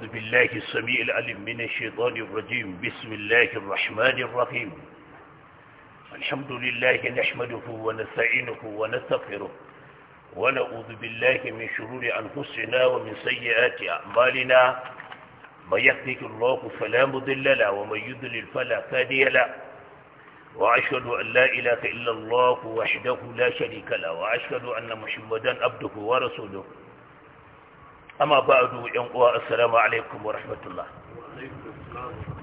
أعوذ بالله السميع العليم من الشيطان الرجيم بسم الله الرحمن الرحيم الحمد لله نحمده ونستعينه ونستغفره ونعوذ بالله من شرور أنفسنا ومن سيئات أعمالنا من يهديه الله فلا مضل له ومن يضلل فلا هادي له وأشهد أن لا إله إلا الله وحده لا شريك له وأشهد أن محمدا عبده ورسوله amma ba a yan uwa assalamu alaikum wa rahmatullah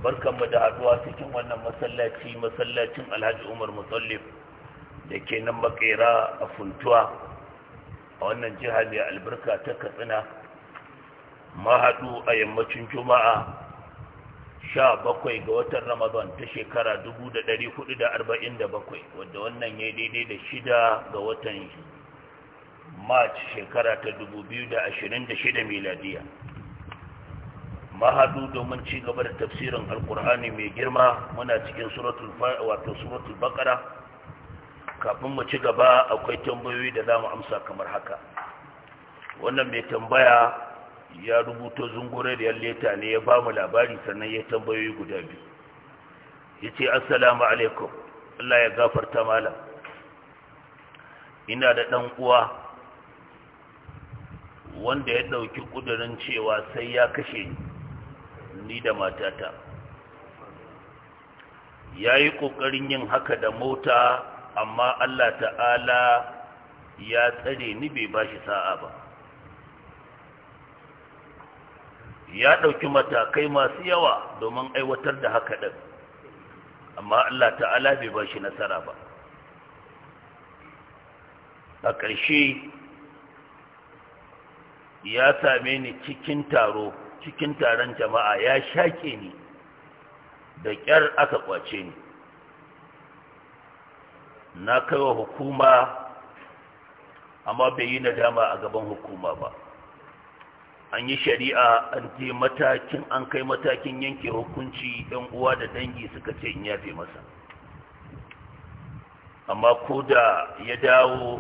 mu da haduwa cikin wannan masallaci masallacin alhaji umar musallif da ke nan makera a funtuwa a wannan jiha mai albarka ta katsina ma haɗu a yammacin juma'a sha bakwai ga watan ramadan ta shekara bakwai, wadda wannan ya daidai da shida ga watan march shekara ta 2026 miladiya mahadu domin ci gaba da tafsirin alkur'ani mai girma muna cikin suratul wato suratul baqara kafin mu ci gaba akwai tambayoyi da zamu amsa kamar haka wannan mai tambaya ya rubuto zungure da yalleta ne ya bamu labari sannan ya tambayoyi guda biyu yace assalamu alaikum Allah ya gafarta malam ina da dan uwa wanda ya ɗauki ƙudurin cewa sai ya kashe ni da matata ya yi ƙoƙarin yin haka da mota amma allah ta'ala ya tsare ni bai ba shi sa'a ba ya ɗauki matakai masu yawa domin aiwatar da haka ɗin amma allah ta'ala bai ba shi nasara ba a ƙarshe ya same ni cikin taro cikin taron jama'a ya shaƙe ni da ƙyar aka ƙwace ni na kaiwa hukuma amma bai yi nadama a gaban hukuma ba an yi shari'a an je matakin an kai matakin yanke hukunci yan uwa da dangi suka ce in yafe masa amma ko da ya dawo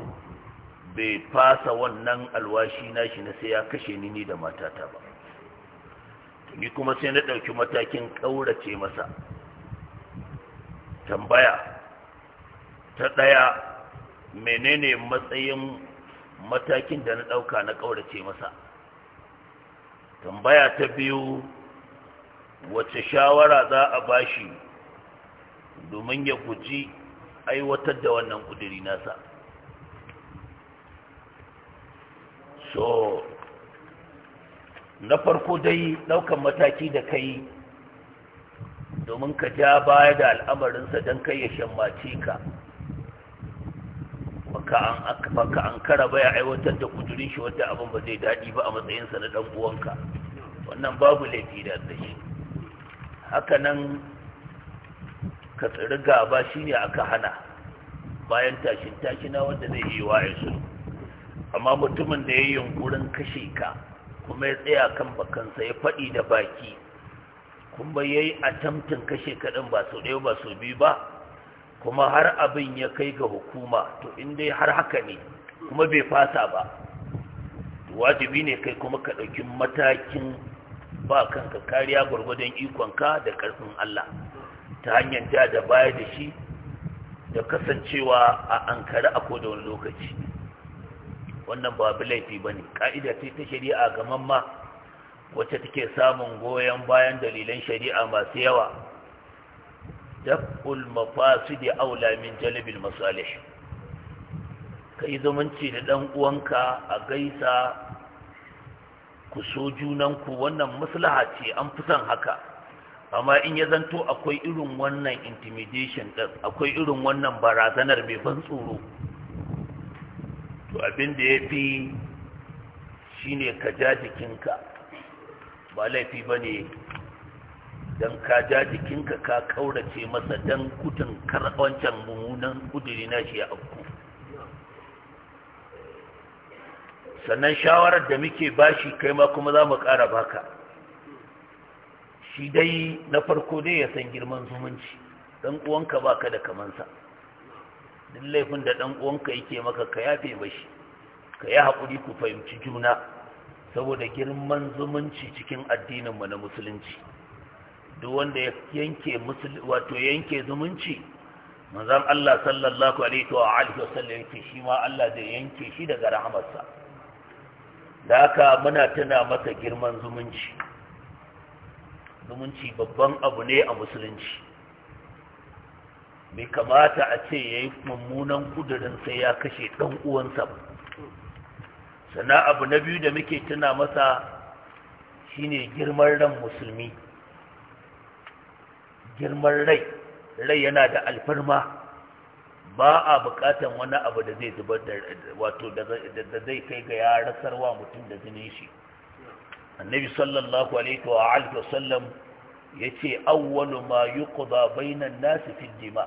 bai fasa wannan alwashi nashi na sai ya kashe ni ni da matata ba ni kuma sai na ɗauki matakin ƙaurace masa tambaya ta ɗaya menene matsayin matakin da na ɗauka na ƙaurace masa tambaya ta biyu wace shawara za a bashi domin ya guji aiwatar da wannan ƙudiri nasa so na farko dai daukan mataki da kai domin ka ja baya da al'amarinsa don kai ya shammace ka baka an kara baya aiwatar da kudurin shi wadda abin ba zai daɗi ba a matsayinsa na ɗan uwanka wannan babu laifi da shi nan ka tsiri gaba shine aka hana bayan tashin tashina wanda zai yi wa amma mutumin da ya yi yunkurin kashe ka kuma ya tsaya kan bakansa ya faɗi da baki kuma ya yi atamtin kashe kaɗin ba sau ɗaya ba sau biyu ba kuma har abin ya kai ga hukuma to in dai har haka ne kuma bai fasa ba wajibi ne kai kuma ka ɗauki matakin ba kanka kariya gwargwadon ikonka da ƙarfin Allah ta hanyar ja da baya da shi da kasancewa a ankara a koda wani lokaci wannan ba bi laifi ba ne Ka'ida ce ta shari'a ga mamma wacce take samun goyon bayan dalilan shari'a masu yawa daf'ul mafasidi aula min jalibil Ka yi zumunci da dan uwanka a gaisa ku so junanku wannan maslaha ce an fi son haka amma in ya zanto akwai irin wannan intimidation akwai irin wannan barazanar mai ban tsoro to abin da ya fi shi ne ka ja jikinka ba laifi ba ne don ka ja jikinka ka kaurace masa don kudin karɓancan mummunan kuduri na shi ya abu sannan shawarar da muke bashi kai ma kuma za mu ƙara baka shi dai na farko ne ya san girman zumunci don uwanka baka da kamansa duk laifin da ɗan uwanka yake maka ka yafe mashi ka yi haƙuri ku fahimci juna saboda girman zumunci cikin addininmu na musulunci duk wanda ya yanke wato yanke zumunci manzon Allah sallallahu alaihi wa alihi wasallam yake shi ma Allah zai yanke shi daga rahamarsa da haka muna tana masa girman zumunci zumunci babban abu ne a musulunci bai kamata a ce ya yi mummunan kudurin sai ya kashe ɗan uwansa ba sana abu na biyu da muke tuna masa shine girman ran musulmi girman rai rai yana da alfarma ba a bukatan wani abu da zai zubar da wato da zai kai ga ya rasarwa mutum da jinin shi annabi sallallahu alaihi wa alihi wasallam yace awwalu ma yuqda bainan nas fi dima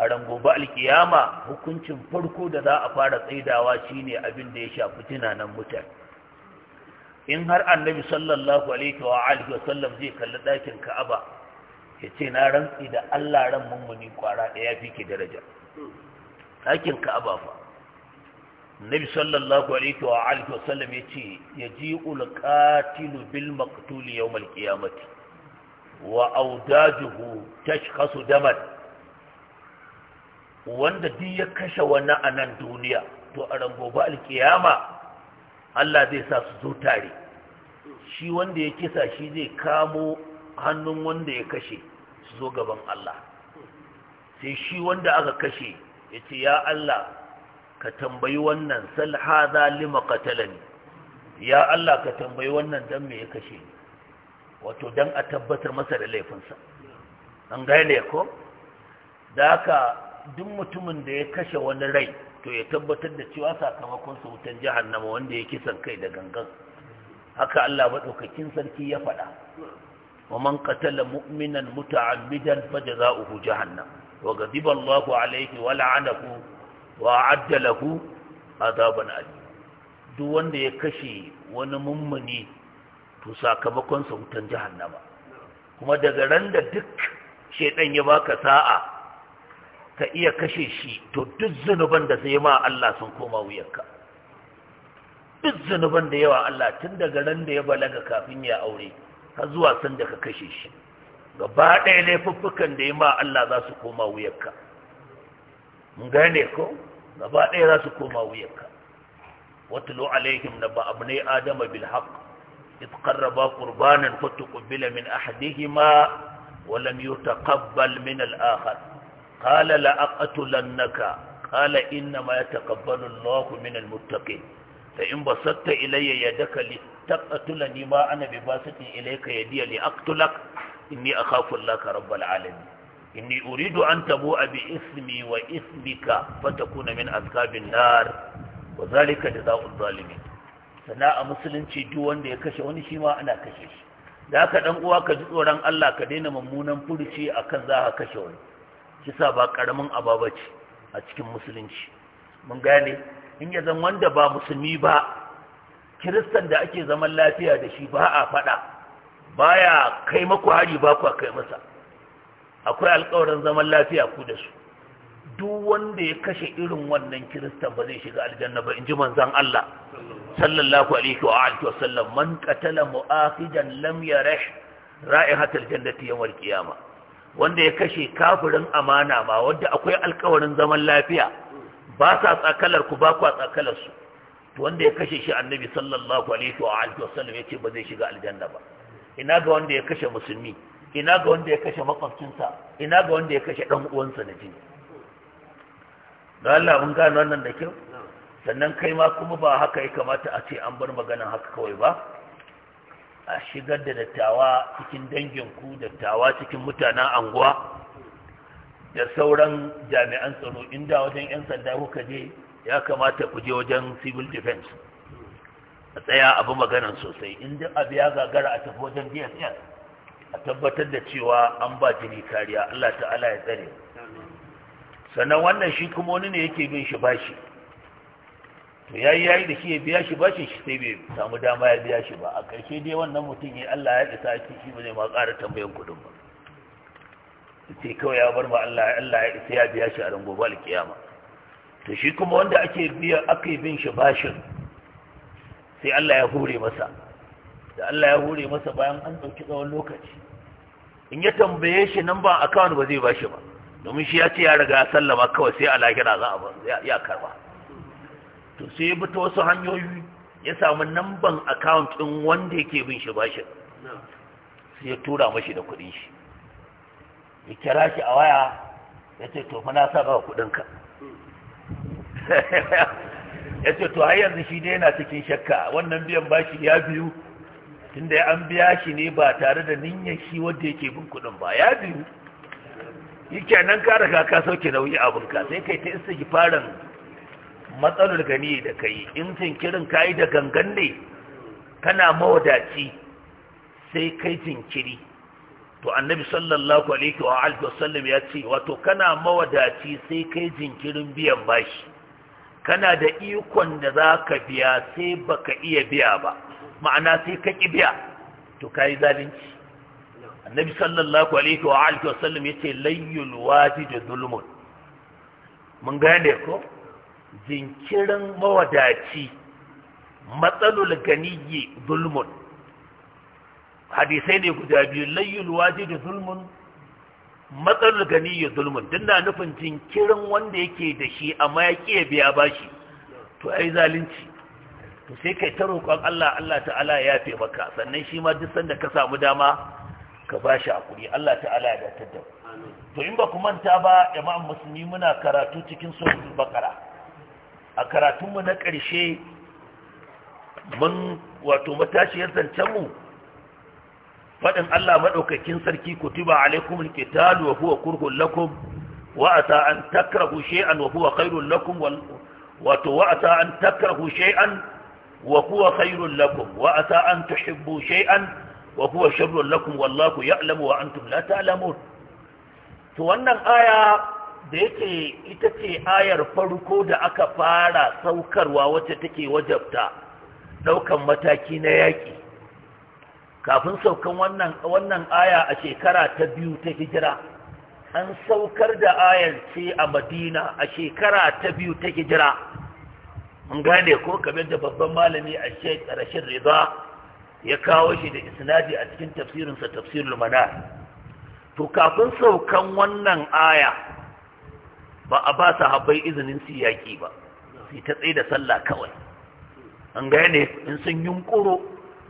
a rangobi alkiyama hukuncin farko da za a fara tsaidawa shine abin da ya shafi tunanin mutan in har annabi sallallahu alaihi wa alihi wasallam zai kalli ɗakin ka'aba ya ce na rantsi da allah ran mummuni kwara da ya fi ke daraja ɗakin ka'aba fa annabi sallallahu alaihi wa alihi wasallam ya ce ya ji ulqatilu bil maqtul yawm al qiyamati wa audajuhu tashkhasu damat wanda duk ya kashe wani a nan duniya to a gobe alkiyama Allah zai sa su zo tare shi wanda ya kisa shi zai kamo hannun wanda ya kashe su zo gaban Allah sai shi wanda aka kashe ya ce ya Allah ka tambayi wannan salha zalima katalani ya Allah ka tambayi wannan dan me ya kashe ni wato dan a tabbatar masa da laifinsa an gane ko da haka duk mutumin da ya kashe wani rai to ya tabbatar da cewa sakamakon sa wutan jahannama wanda ya kisan kai da gangan haka Allah madaukakin sarki ya faɗa wa man qatala mu'minan muta'ammidan fajza'uhu jahannam wa ghadiba Allahu alayhi wa la'anahu wa a'adda lahu azaban duk wanda ya kashe wani mummuni to sakamakon sa wutan jahannama kuma daga ran da duk shedan ya baka sa'a ka iya kashe shi to duk zunuban da sai ma Allah sun koma wuyarka duk zunuban da yawa Allah tun daga ran da ya balaga kafin ya aure har zuwa san da ka kashe shi gaba ɗaya laifuffukan da ya ma Allah za su koma wuyarka mun gane ko gaba ɗaya za su koma wuyarka watlu alaihim naba abnai adama bil haqq إذ قربا قربانا فتقبل من أحدهما ولم يتقبل من الآخر qala la aqtulannaka qala innama yataqabbalu Allahu minal muttaqin fa in basatta ilayya yadaka litaqtulani ma ana bibasitin ilayka yadiya liaqtulak inni akhafu Allaha rabbal alamin inni uridu an tabu'a bi ismi wa ismika fatakuna min azkabin nar wa zalika sana'a musulunci duk wanda ya kashe wani shi ma ana kashe shi Za ka dan uwa ka ji tsoron Allah ka daina mummunan furuci akan za ka kashe wani kisa ba karamin ababa ce a cikin musulunci mun gane in ya zan wanda ba musulmi ba kiristan da ake zaman lafiya da shi ba a faɗa ya kai maku hari ba ku kai masa akwai alkawarin zaman lafiya ku da su duk wanda ya kashe irin wannan kiristan ba zai shiga aljanna ba in ji manzan Allah sallallahu alaihi wa alihi wa sallam man qatala mu'akhidan lam yarih ra'ihatal jannati yawm al-qiyamah wanda ya kashe kafirin amana ma wanda akwai alkawarin zaman lafiya ba sa tsakalar ku ba ku tsakalar su to wanda ya kashe shi annabi sallallahu alaihi wa alihi wasallam yace ba zai shiga aljanna ba ina ga wanda ya kashe musulmi ina ga wanda ya kashe makwabcinsa ina ga wanda ya kashe dan uwansa na jini don Allah mun gano wannan da kyau sannan kai ma kuma ba haka ya kamata a ce an bar magana haka kawai ba a shigar da dattawa cikin danginku dattawa cikin mutanen anguwa da sauran jami'an tsaro inda wajen 'yan sanda kuka je ya kamata ku je wajen civil defense a tsaya abu magana sosai inda abu ya gagara a tafi wajen dsn a tabbatar da cewa an ba jini kariya allah ta'ala ya tsare sannan wannan shi kuma wani ne yake bin shi bashi to yi yayi da shi ya biya shi bashin shi sai bai samu dama ya biya shi ba a ƙarshe dai wannan mutum ya Allah ya isa shi shi ba zai ma ƙara tambayan kuɗin ba sai kawai ya bar ma Allah Allah ya isa ya biya shi a ran gobe alƙiyama to shi kuma wanda ake biya ake bin shi bashin sai Allah ya hure masa da Allah ya hure masa bayan an ɗauki tsawon lokaci in ya tambaye shi nan ba akawun ba zai bashi ba domin shi ya ce ya riga sallama kawai sai a lahira za a ba ya karba to sai ya bi wasu hanyoyi ya samu namban account ɗin wanda yake bin shi bashin sai ya tura mashi da kudin shi ya kira shi a waya ya ce to fa sa ba ka? ya ce to har yanzu shi ne yana cikin shakka wannan biyan bashi ya biyu tunda ya an biya shi ne ba tare da niyyar shi wanda yake bin kuɗin ba ya biyu yake nan ka riga ka sauke nauyi abinka sai kai ta isa matsalar gani da kai in jinkirin ka da gangan ne kana mawadaci sai kai jinkiri to annabi sallallahu alaihi wa alihi wasallam ya ce wato kana mawadaci sai kai jinkirin biyan bashi kana da ikon da za ka biya sai baka iya biya ba ma'ana sai ka ƙi biya to ka zalunci annabi sallallahu alaihi wa alihi wasallam ya ce layyul wajidu zulmun mun gane ko jinkirin mawadaci matsalul ganiyyi zulmun hadisai ne guda biyu layyul wajidu zulmun matsalul ganiyyi zulmun din na nufin jinkirin wanda yake da shi amma ya ya biya bashi to ai zalunci to sai kai ta roƙon Allah Allah ta'ala ya fi maka sannan shi ma duk sanda ka samu dama ka bashi hakuri Allah ta'ala ya datar da to in ba ku manta ba imam musulmi muna karatu cikin suratul baqara a karatunmu na ƙarshe mun wato matashiyar zancenmu faɗin Allah maɗaukakin sarki ku kutuba alaikum alqitalu wa huwa kurhun lakum wa asa an takrahu shay'an wa huwa khairun lakum wato wa asa an takrahu shay'an wa huwa khairun lakum wa asa an tuhibbu shay'an wa huwa sharrun lakum wallahu ya'lamu wa antum la ta'lamun to wannan aya da yake ita ce ayar farko da aka fara saukarwa wacce take wajabta daukan mataki na yaki. kafin saukan wannan wannan aya a shekara ta biyu ta hijira an saukar da ayar ce a madina a shekara ta biyu ta hijira an gane ko kamar da babban malami a rashin riba ya kawo shi da isnadi a cikin tafsirinsa tafsirul manar to kafin saukan wannan aya ba a ba haɓai izinin su yaki ba su ta tsaye da sallah kawai an gaya ne, in sun yunƙuro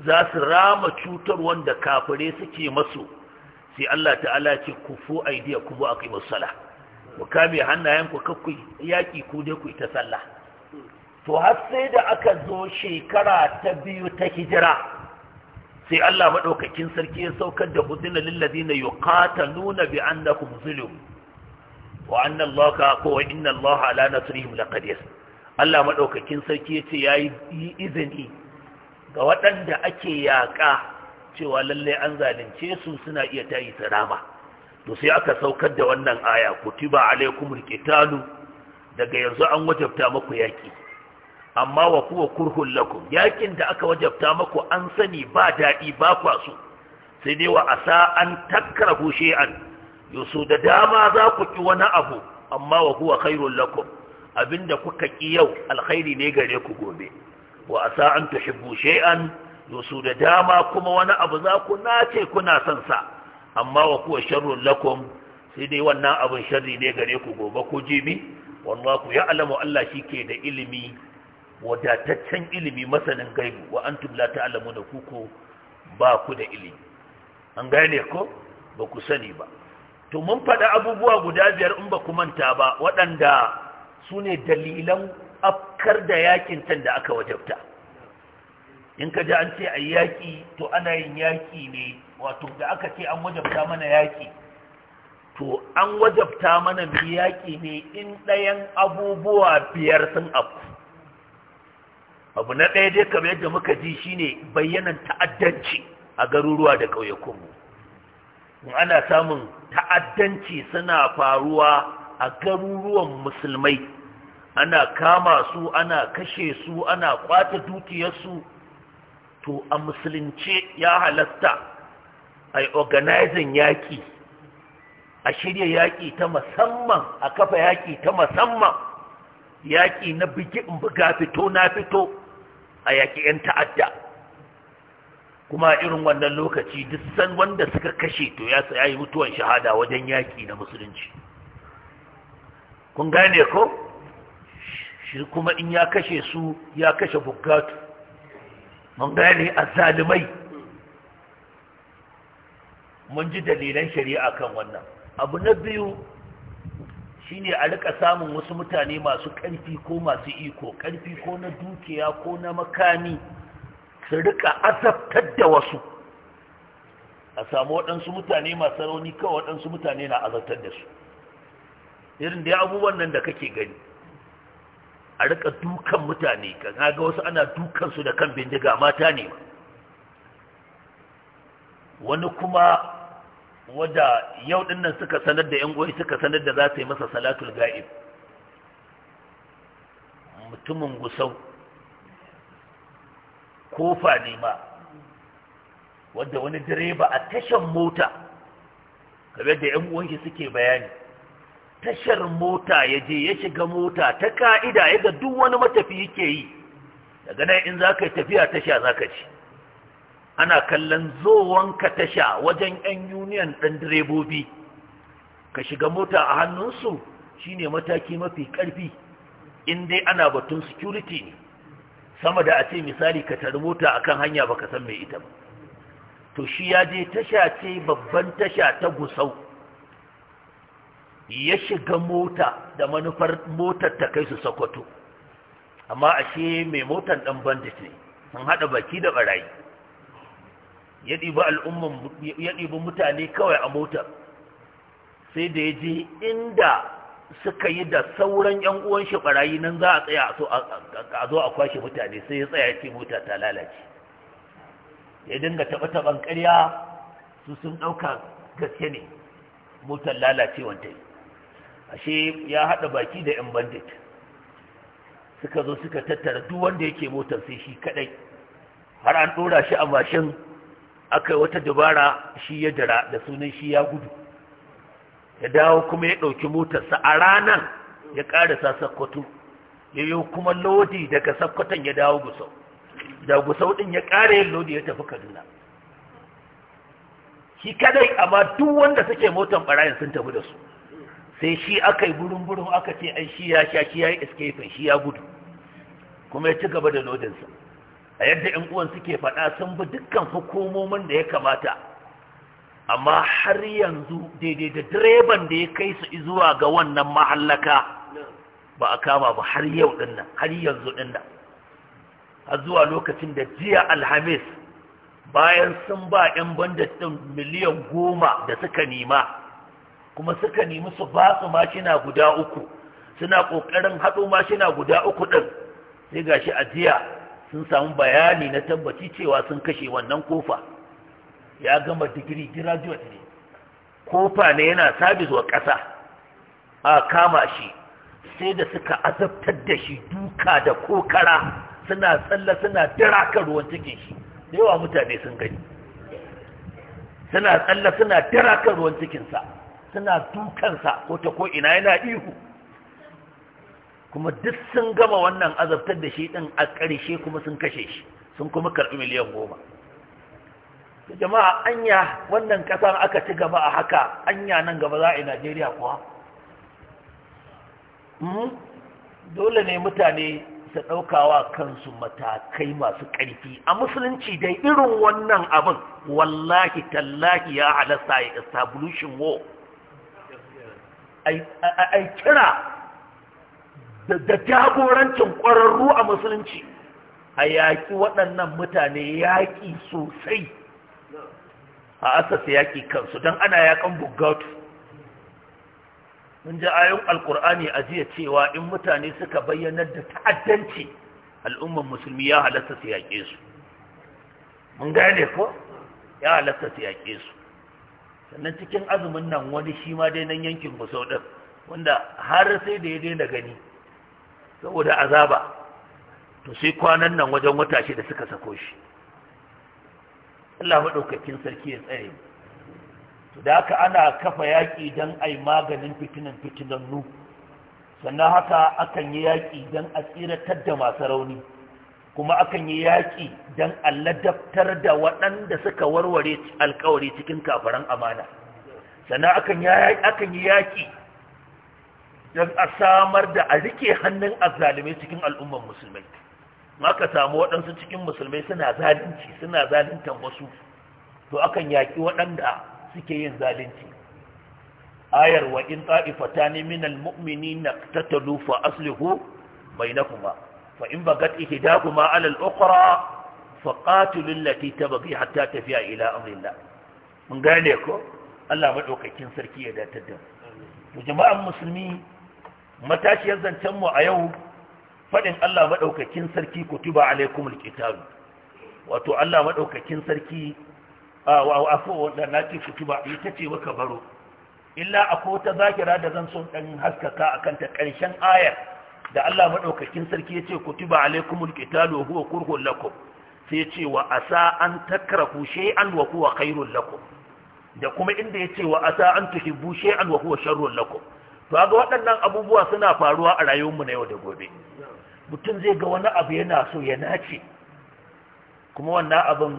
za su rama cutar wanda kafare suke masu sai Allah ta'ala ce ku fu aidiya ku bu masu sala ku kame hannayen ku kakkui yaki ku dai ku ta sallah to har sai da aka zo shekara ta biyu ta hijira sai Allah maɗaukakin sarki ya saukar da hudina yi ladina yuqataluna bi annakum zulum wa anna allaha ko inna allaha ala nasrihim laqadir Allah madaukakin sarki yace yayi izini ga waɗanda ake yaƙa cewa lallai an zalunce su suna iya tayi sarama to sai aka saukar da wannan aya kutiba alaikum qitalu daga yanzu an wajabta maku yaki amma wa kuwa kurhun lakum yakin da aka wajabta maku an sani ba daɗi ba kwaso sai dai wa asa an takrahu shay'an yusu da dama za ku ki wani abu amma wa huwa khairul lakum abinda kuka ki yau alkhairi ne gare ku gobe wa asa an tuhibbu shay'an yusu da dama kuma wani abu za ku nace kuna son sa amma wa huwa sharrul lakum sai dai wannan abin sharri ne gare ku gobe ku jibi wallahu ya'lamu Allah ke da ilimi wadataccen ilimi masanin gaibu wa antum la ta'lamuna kuku ba ku da ilimi an gane ko ba ku sani ba to mun faɗa abubuwa guda biyar in ba ku manta ba waɗanda su ne dalilan afkar da yakin can da aka wajabta in ka ji an ce a yaƙi to ana yin yaƙi ne wato da aka ce an wajabta mana yaƙi to an wajabta mana yaƙi ne in ɗayan abubuwa biyar sun abu abu na ɗaya dai kamar yadda muka ji shine bayyanan ta'addanci a garuruwa da ƙauyakunmu ana samun ta'addanci suna faruwa a garuruwan musulmai ana kama su ana kashe su ana kwata dukiyarsu to a musulunce ya halatta a organizing yaƙi a shirya yaƙi ta musamman a kafa yaƙi ta musamman yaƙi na buga fito na fito a yaƙi 'yan ta'adda kuma irin wannan lokaci duk san wanda suka kashe to ya yi mutuwan shahada wajen yaƙi na musulunci kun gane ko shi kuma in ya kashe su ya kashe bukatu mun gane azalimai mun ji dalilan shari'a kan wannan abu na biyu shine a rika samun wasu mutane masu karfi ko masu iko karfi ko na dukiya ko na makami su rika azabtar da wasu a samu waɗansu mutane masu rauni kawai waɗansu mutane na azabtar da su irin da abubuwan nan da kake gani a rika dukan mutane kan haga wasu ana dukansu da kan bindiga mata ne wani kuma wadda yau dinnan suka sanar da yan goyi suka sanar da za ta yi masa salatul ga'ib mutumin gusau kofa ne ma wadda wani direba a tashar mota kamar da yan uwanshi suke bayani tashar mota ya je ya shiga mota ta ka'ida ya duk wani matafi yake yi daga nan in za ka yi tafiya tasha za ka ci ana kallon zowanka tasha wajen yan union ɗan direbobi ka shiga mota a hannunsu shine mataki mafi ƙarfi in dai ana batun security ne sama da a ce misali ka tari mota akan hanya ba ka san mai ita ba to shi ya je tasha ce babban tasha ta gusau ya shiga mota da manufar motar ta kai su sokoto amma ashe mai motar ɗan bandit ne sun haɗa baki da ɓarayi. Yaɗi ya ɗiba mutane kawai a motar sai da ya je inda suka yi da sauran yan uwan shi barayi nan za a tsaya a zo a kwashe mutane sai ya tsaya ce mota ta lalace ya dinga taba taban karya su sun ɗauka gaske ne motar lalace ta yi ashe ya haɗa baki da 'yan bandit suka zo suka tattara duk wanda yake motar sai shi kaɗai har an ɗora shi a mashin aka yi wata dabara shi ya dara da sunan shi ya gudu ya dawo kuma ya ɗauki motarsa a ranar ya ƙarasa sakkwato ya yi kuma lodi daga sakkwaton ya dawo gusau da gusau ɗin ya ƙara yin lodi ya tafi kaduna shi kadai amma duk wanda suke motar ɓarayin sun tafi da su sai shi aka yi burin-burin aka ce an shi ya sha shi ya yi escape shi ya gudu kuma ya ci gaba da lodinsa a yadda 'yan uwan suke faɗa sun bi dukkan hukumomin da ya kamata amma har yanzu daidai da direban da ya kai su zuwa ga wannan mahallaka ba a kama ba har yau dinnan har yanzu dinnan har zuwa lokacin da jiya alhamis bayan sun ba 'yan bandit ɗin miliyan goma da suka nema kuma suka nemi su ba su mashina guda uku suna ƙoƙarin haɗo mashina guda uku ɗin sai gashi a jiya sun samu bayani na tabbaci cewa sun kashe wannan kofa ya gama digiri graduate ne kofa ne yana sabis wa ƙasa a kama shi sai da suka azabtar da shi duka da kokara suna tsalla suna daraka ruwan cikin shi da yawa mutane sun gani suna tsalla suna daraka ruwan cikinsa suna dukansa ko ta ko ina yana ihu kuma duk sun gama wannan azabtar da shi ɗin a ƙarshe kuma sun kashe shi sun kuma karɓi miliyan goma jama'a anya wannan kasar aka ci gaba a haka anya nan gaba za a yi najeriya kuwa hmm? dole ne mutane su ɗaukawa kansu matakai masu ƙarfi a musulunci dai irin wannan abin wallahi tallahi ya halasta ya establishing wo? ai kira da jagorancin ƙwararru a musulunci a yaƙi waɗannan mutane yaƙi sosai a asasa yaki kansu don ana yaƙan bugatu mun ji ayon alkur'ani a jiya cewa in mutane suka bayyanar da ta'addanci al'ummar musulmi ya halatta su yaƙe su mun gane ko ya halatta su yaƙe su sannan cikin azumin nan wani shi ma dai nan yankin gusau ɗin wanda har sai da ya daina gani saboda azaba to sai kwanan nan wajen wata shi da suka sako shi Allah maɗaukakin sarki ya tsare to da aka ana kafa yaƙi don yi maganin fitinan nu sannan haka akan yi yaƙi don a tsiratar da masu rauni kuma akan yi yaƙi don a ladabtar da waɗanda suka warware alkawari cikin kafaran amana sannan akan yi yaƙi don a samar da a rike hannun azalimai cikin al'ummar musulmai maka samu waɗansu cikin musulmai suna zalunci suna zaluntan wasu to akan yaƙi waɗanda suke yin zalunci ayar wa in ta'ifatani minal na tattalu fa aslihu kuma. fa in bagat ihdakuma ala alal ukhra fa qatilu ta tabghi hatta tafiya ila amrillah mun gane ko Allah madaukakin sarki ya datar da mu jama'an musulmi matashiyar zancen mu a yau faɗin Allah maɗaukakin sarki kutuba alaikum alqital wato Allah maɗaukakin sarki ah, wa afu wanda nake kutuba ita ce waka baro illa akwai wata zakira da zan son dan haskaka akan ta ƙarshen ayar da Allah maɗaukakin sarki ya ce kutuba alaikum alqital wa huwa kurhun lakum sai ce wa asa an takrahu shay'an wa huwa khairul lakum da kuma inda ya ce wa asa an tuhibbu shay'an wa huwa sharrun lakum to ga waɗannan abubuwa suna faruwa a rayuwarmu na yau da gobe mutum zai ga wani abu yana so ya nace kuma wannan abin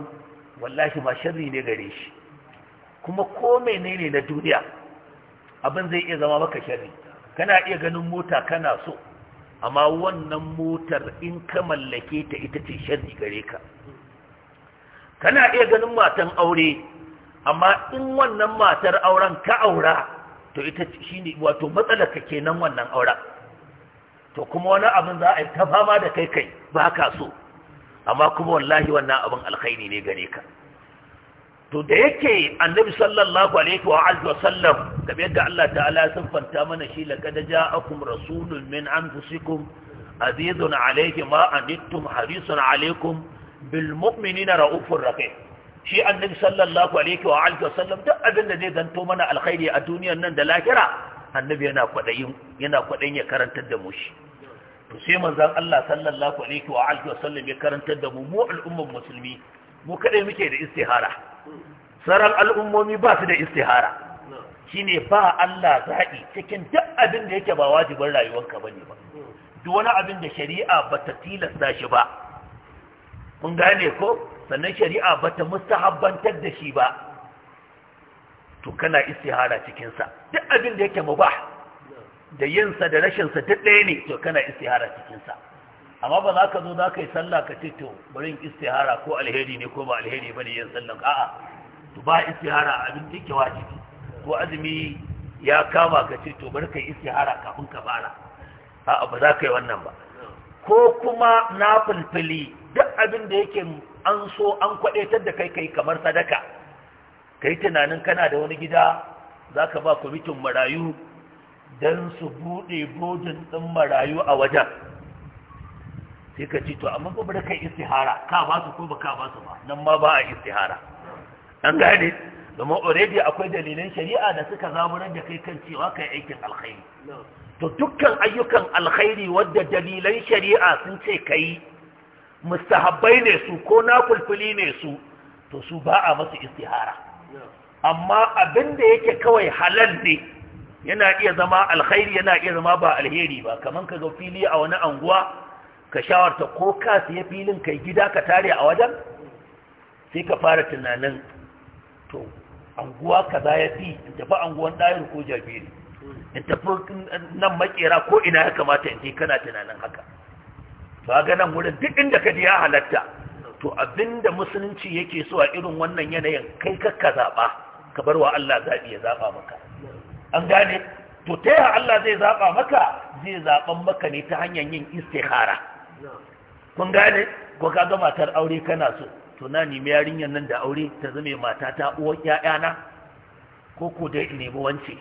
wallahi ma sharri ne gare shi kuma ko menene na duniya abin zai iya zama maka sharri kana iya ganin mota kana so amma wannan motar in ka mallake ta ita ce sharri gare ka kana iya ganin matan aure amma in wannan matar auren ka aura to ita shine wato matsalar ka kenan wannan auren to kuma wani abin za a yi ta fama da kai kai ba ka so amma kuma wallahi wannan abin alkhairi ne gare ka to da yake annabi sallallahu alaihi wa alihi wa sallam kamar yadda Allah ta'ala ya siffanta mana shi laqad ja'akum rasulun min anfusikum azizun alayhi ma anittum harisun alaykum bil mu'minina raufur rahim shi annabi sallallahu alaihi wa alihi wa sallam duk abin da zai zanto mana alkhairi a duniyar nan da lahira annabi yana kwaɗayin yana ya karantar da mu shi to sai manzon Allah sallallahu alaihi wa alihi wasallam ya karantar da mu mu al'umman musulmi mu kaɗai muke da istihara saran al'ummomi ba su da istihara shine ba Allah zaki cikin duk abin da yake ba wajibin rayuwarka bane ba duk wani abin da shari'a ba ta tilasta shi ba kun gane ko sannan shari'a ba ta mustahabbantar da shi ba to kana istihara cikinsa duk abin da yake mubah da yinsa da rashinsa duk ɗaya ne to kana istihara cikinsa amma ba za ka zo za ka yi sallah ka ce to bari in istihara ko alheri ne ko ba alheri ba ne yin sallan a'a to ba istihara abin da yake wajibi ko azumi ya kama ka ce to bari ka yi istihara kafin ka fara a'a ba za ka yi wannan ba ko kuma na fulfili duk abin da yake an so an kwadaitar da kai kai kamar sadaka kai tunanin kana da wani gida za ka ba kwamitin marayu don su buɗe bodin ɗin marayu a wajen sai ka ci to amma gobe da kai istihara ka ba su ko ba ka ba su ba nan ma ba a istihara an gane domin already akwai dalilan shari'a da suka zaburar da kai kan cewa kai aikin alkhairi to dukkan ayyukan alkhairi wadda dalilan shari'a sun ce kai mustahabbai ne su ko na kulkuli ne su to su ba a masu istihara amma abin da yake kawai halal ne yana iya zama alkhairi yana iya zama ba alheri ba kaman ka ga fili a wani anguwa ka shawarta ko ka siya filin kai gida ka tare a wajen sai ka fara tunanin to anguwa kaza ya fi in tafi anguwan ɗayar ko jabiri in tafi nan makera ko ina ya kamata in je kana tunanin haka ba ga nan wurin duk inda ka je ya halatta to abinda musulunci yake so a irin wannan yanayin kai kakka zaɓa ka bar wa Allah zaɓi ya zaɓa maka an gane to ta yaya Allah zai zaɓa maka zai zaɓan maka ne ta hanyar yin istihara kun gane ko ka ga matar aure kana so to na nemi yarinyar nan da aure ta zame mata ta uwar ƴaƴana ko ko dai nemi wance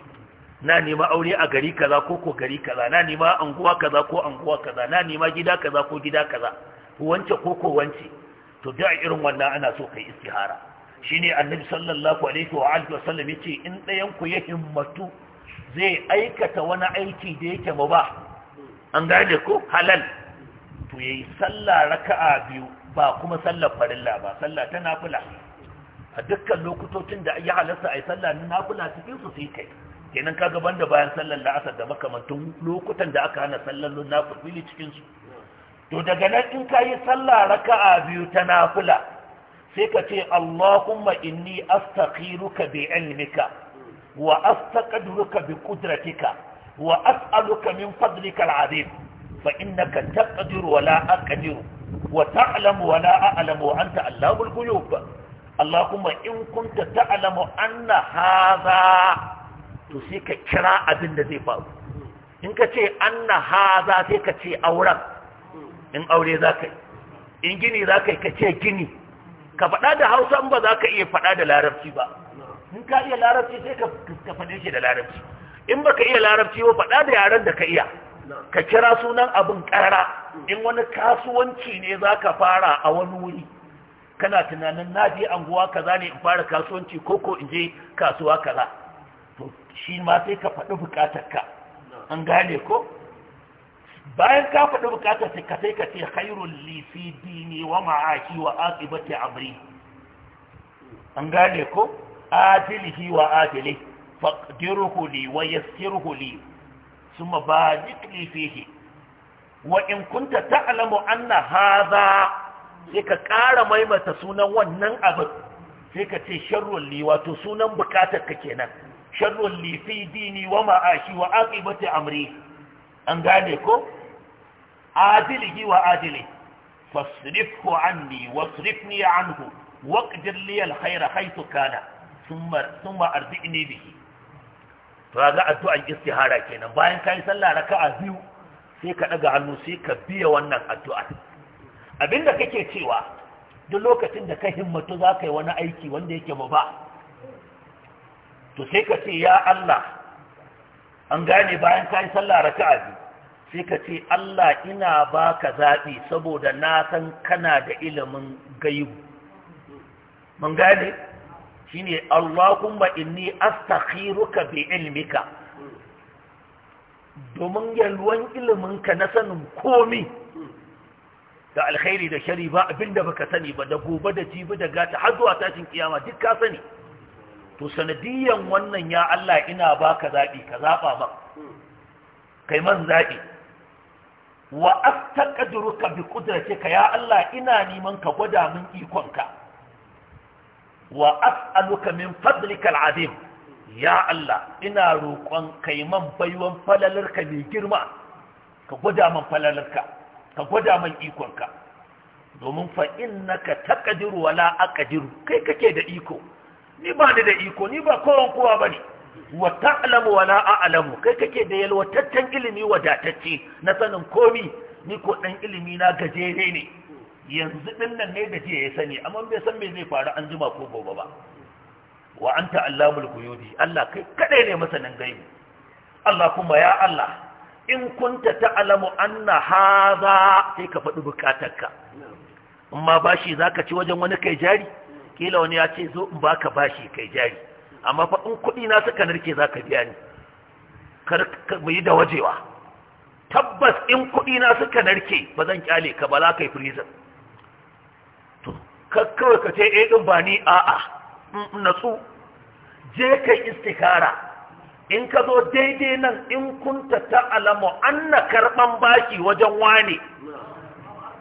na nema aure a gari kaza ko ko gari kaza na nema anguwa kaza ko anguwa kaza na nema gida kaza ko gida kaza wance ko ko wance to da irin wannan ana so kai istihara shine annabi sallallahu alaihi wa alihi wasallam yace in ɗayan ku ya himmatu zai aikata wani aiki da yake mu ba an gane ko halal to yayi sallah raka'a biyu ba kuma sallar farilla ba sallah ta nafila a dukkan lokutocin da ya halarta a yi sallah na nafila cikin su sai kai kenan kaga banda bayan sallar la'asar da makamantun lokutan da aka hana sallar nafila cikin su to daga nan in ka yi sallah raka'a biyu ta nafila sai ka ce Allahumma inni astaghiruka bi ilmika wa astaqdiruka bi qudratika wa as'aluka min fadlika al'azim fa innaka taqdiru wa la aqdiru wa ta'lamu wa la a'lamu wa anta allamul ghuyub Allahumma in kunta ta'lamu anna hadha to sai ka kira abin da zai faru in ka ce anna hadha sai ka ce auren in aure za ka yi in gini za ka yi ka ce gini ka faɗa da hausa ba za ka iya faɗa da larabci ba in ka iya larabci sai ka faɗe shi da larabci in ba ka iya larabci ba faɗa da yaren da ka iya ka kira sunan abin ƙara in wani kasuwanci ne za ka fara a wani wuri kana tunanin na je anguwa kaza ne in fara kasuwanci ko ko in je kasuwa kaza to shi ma sai ka faɗi buƙatar ka an gane ko bayan ka faɗi bukatar sai ka sai ka ce khairul li fi dini wa ma'ashi wa aqibati amri an gane ko adilihi wa adili faqdiruhu li wa yassirhu li thumma barik li fihi wa in kunta ta'lamu anna hadha sai ka ƙara maimaita sunan wannan abin sai ka ce sharrul li wato sunan bukatar ka kenan sharrul li fi dini wa ma'ashi wa aqibati amri an gane ko adilihi wa adili fasrifhu anni wasrifni anhu waqdir li alkhayra haythu kana thumma thumma arzi'ni bihi to ga addu'an istihara kenan bayan kai sallah raka'a biyu sai ka daga hannu sai ka biya wannan addu'a abinda kake cewa duk lokacin da ka himmatu za yi wani aiki wanda yake ba to sai ka ce ya Allah an gane bayan ka yi sallah raka'a biyu sai ka ce Allah ina baka zaɓi saboda na san kana da ilimin gaibu mun gane Shi ne, Allahumma inni astakhiruka bi ilmika domin yalwan iliminka na sanin komi da alkhairi da shari ba abinda baka sani ba da gobe da jibi da gata har zuwa tashin kiyama duk ka sani to sanadiyan wannan ya Allah ina baka zaɓi, ka zaɓa ba kai man zaɓi. wa astaqdiruka bi qudratika ya Allah ina neman ka gwada min ikonka wa as'aluka min fadlika al'azim ya Allah ina roƙon man baiwan falalarka mai girma ka gwada min falalarka ka gwada man ikonka domin fa innaka taqdiru wala aqdiru kai kake da iko ni ba ni da iko ni ba kowan kowa bane wa ta'lamu wa la a'lamu kai kake da yalwataccen ilimi wadatacce na sanin komi ni ko dan ilimi na gajere ne yanzu din nan ne da jiya ya sani amma bai san me zai faru an jima ko gobe ba wa anta allamul ghuyubi Allah kai kada ne masanin gaibi Allah kuma ya Allah in kunta ta'lamu anna hadha sai ka faɗi bukatarka amma bashi zaka ci wajen wani kai jari kila wani ya ce zo in baka bashi kai jari amma fa in kuɗi na suka narke za ka biya ni kar mu yi da wajewa tabbas in kuɗi na suka narke ba zan kyale ka ba za ka yi prison to kakkawar ka ce eh din ba ni a'a natsu je kai istikara in ka zo daidai nan in kunta an na karɓan baki wajen wane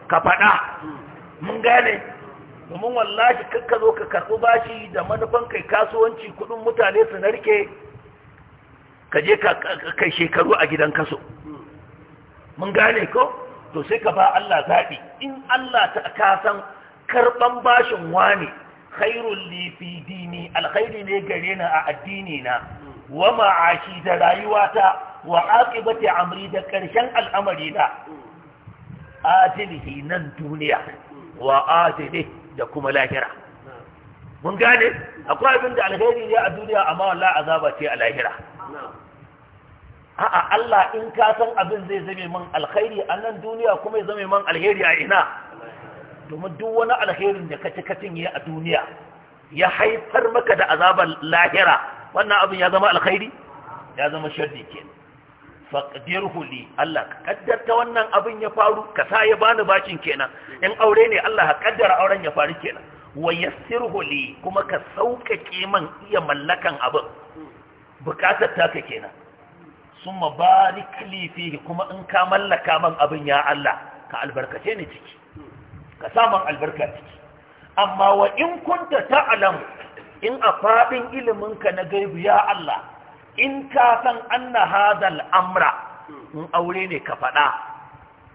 ka faɗa mun gane domin wallahi kakka zo ka karɓi bashi da manufan kai kasuwanci kuɗin mutane su narke ka je ka kai shekaru a gidan kaso mun gane ko to sai ka ba Allah zaɓi in Allah ta kasan karɓan bashin wani khairul li fi dini alkhairi ne gare na a addini na wa ma'ashi da rayuwata wa aqibati amri da karshen al'amari na adilihi nan duniya wa adilihi da kuma lahira mun gane akwai abin da alheri ne a duniya amma walla azaba ce a lahira a'a Allah in ka san abin zai zame min alheri a nan duniya kuma ya zame min alheri a ina domin duk wani alherin da kaci kacin ya a duniya ya haifar maka da azabar lahira wannan abin ya zama alheri, ya zama sharri kenan faqdirhu huli, Allah ka kaddarta wannan abin ya faru ka sa ya bani bakin kenan in aure ne Allah ka kaddara auren ya faru kenan wa yassirhu huli kuma ka sauƙaƙe man iya mallakan abin bukatar taka kenan Suma barik li kuma in ka mallaka man abin ya Allah ka albarkace ni ciki ka sa man albarka ciki amma wa in kunta in a faɗin iliminka na gaibu ya Allah in ka san anna hadal amra in aure ne ka faɗa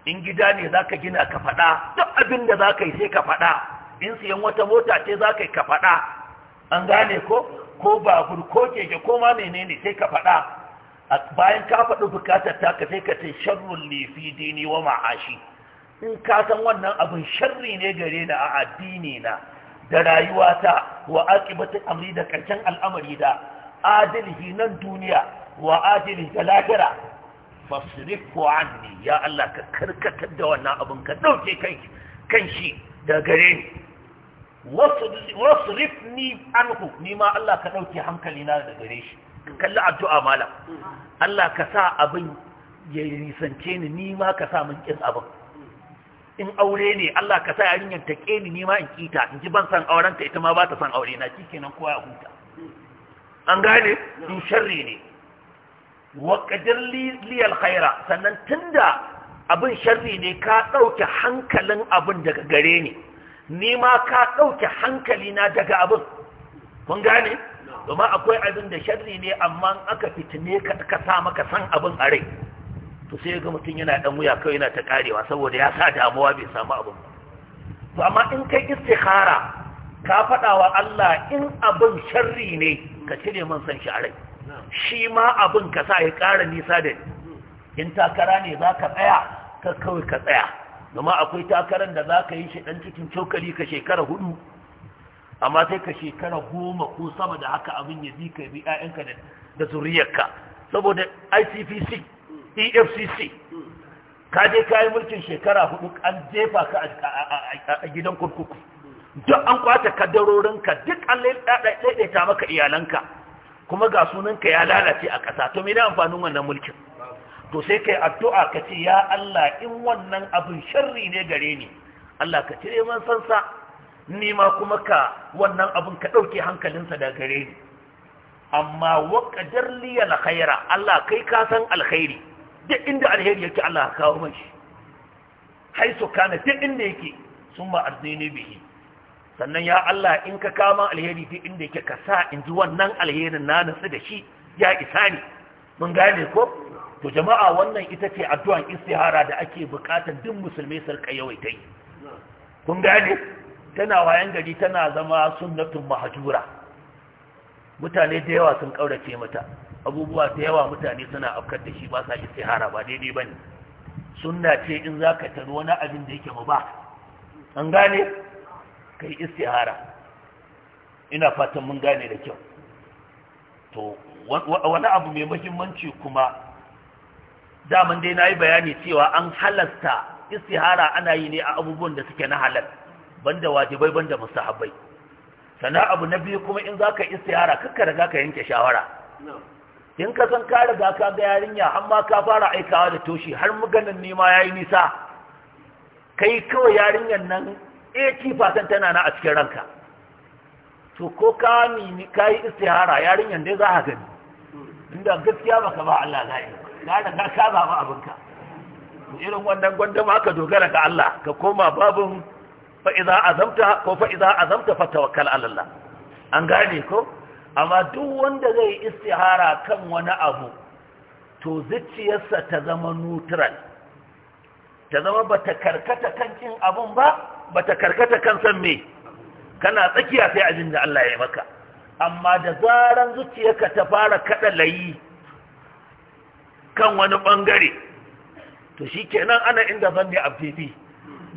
in gida ne za ka gina ka faɗa duk abin da za ka yi sai ka faɗa in siyan wata mota ce za ka yi ka faɗa an gane ko ko babur ko keke ko ma menene sai ka faɗa bayan ka faɗi bukatar ka sai ka ce sharrun lifi dini wa ma'ashi in ka san wannan abin sharri ne gare na a addini na da rayuwata wa aqibatu amri da karshen al'amari da adalci nan duniya wa adalci ta lahira an ne. ya Allah ka karkatar da wannan abin ka ɗauke kan shi da gare ni wasirif ni an ni ma Allah ka ɗauke hankali na da gare shi kalli addu'a malam Allah ka sa abin ya nisance ni ni ma ka sa min kin abin in aure ne Allah ka sa yarinyar ta ƙe ni nima ma in ƙita in ji ban san auren ta ita ma ba ta san aure na kenan kowa ya huta an gane su ne wa qadir liyar haira sannan tunda abin sharri ne ka ɗauke hankalin abin daga gare ni ni ma ka ɗauke hankali na daga abin kun gane kuma akwai abin da sharri ne amma aka fitine ka ka sa maka san abin a rai to sai ga mutum yana dan wuya kawai yana ta karewa saboda ya sa damuwa bai samu abin ba to amma in kai istikhara ka faɗa wa Allah in abin sharri ne ka cire man san shi a rai shi ma abin ka sa ya ƙara nisa da in takara ne za ka tsaya ka kawai ka tsaya domin akwai takarar da za ka yi shi ɗan cikin cokali ka shekara hudu amma sai ka shekara goma ko sama da haka abin ya zika ka bi 'ya'yanka da zuriyarka saboda icpc efcc ka je kayi mulkin shekara hudu an jefa ka a gidan kurkuku duk an kaddarorin ka duk an laidaita maka iyalanka kuma ga sunanka ya lalace a ƙasa to mene amfanin wannan mulkin to sai kai addu'a ka ce ya Allah in wannan abin sharri ne gare ni Allah ka cire man sansa ni ma kuma ka wannan abin ka ɗauke hankalinsa da gare ni amma waƙadar liya na khaira Allah kai ka san alkhairi duk inda alheri yake Allah kawo mai shi haisu kana duk inda yake sun ba arzini bihi sannan ya Allah in ka kama alheri duk inda yake ka sa in ji wannan alherin na nasu da shi ya isa ne mun gane ko to jama'a wannan ita ce addu'an istihara da ake bukatar duk musulmai Sarka yawaita yi kun gane tana wayan gari tana zama sunnatun mahajura mutane da yawa sun kaurace mata abubuwa da yawa mutane suna afkar da shi ba sa istihara ba daidai bane sunna ce in zaka taru wani abin da yake mu ba an gane kai istihara ina fatan mun gane da kyau to wani abu mai mahimmanci kuma daman dai na yi bayani cewa an halasta istihara ana yi ne a abubuwan da suke na halal banda wajibai banda musahabai sannan abu na biyu kuma in za ka istihara kakka riga ka yanke shawara in ka san ka riga ka ga yarinya har ma ka fara aikawa da toshi har maganin nema ya yi nisa kai kawai yarinyar nan 80% tana na a cikin ranka to ko ka nemi ka yi istihara yarinyar dai za a gani inda gaskiya baka ba Allah zai ka da ka saba ba abinka irin wannan gwandama ka dogara ga Allah ka koma babun fa iza azamta ko fa iza azamta fa tawakkal ala Allah an gane ko amma duk wanda zai istihara kan wani abu to zuciyarsa ta zama neutral ta zama bata karkata kan kin abun ba bata karkata kan san me kana tsakiya sai abin da Allah ya yi maka amma da zaran zuciyarka ta fara kada layi kan wani bangare to shikenan ana inda zan zanni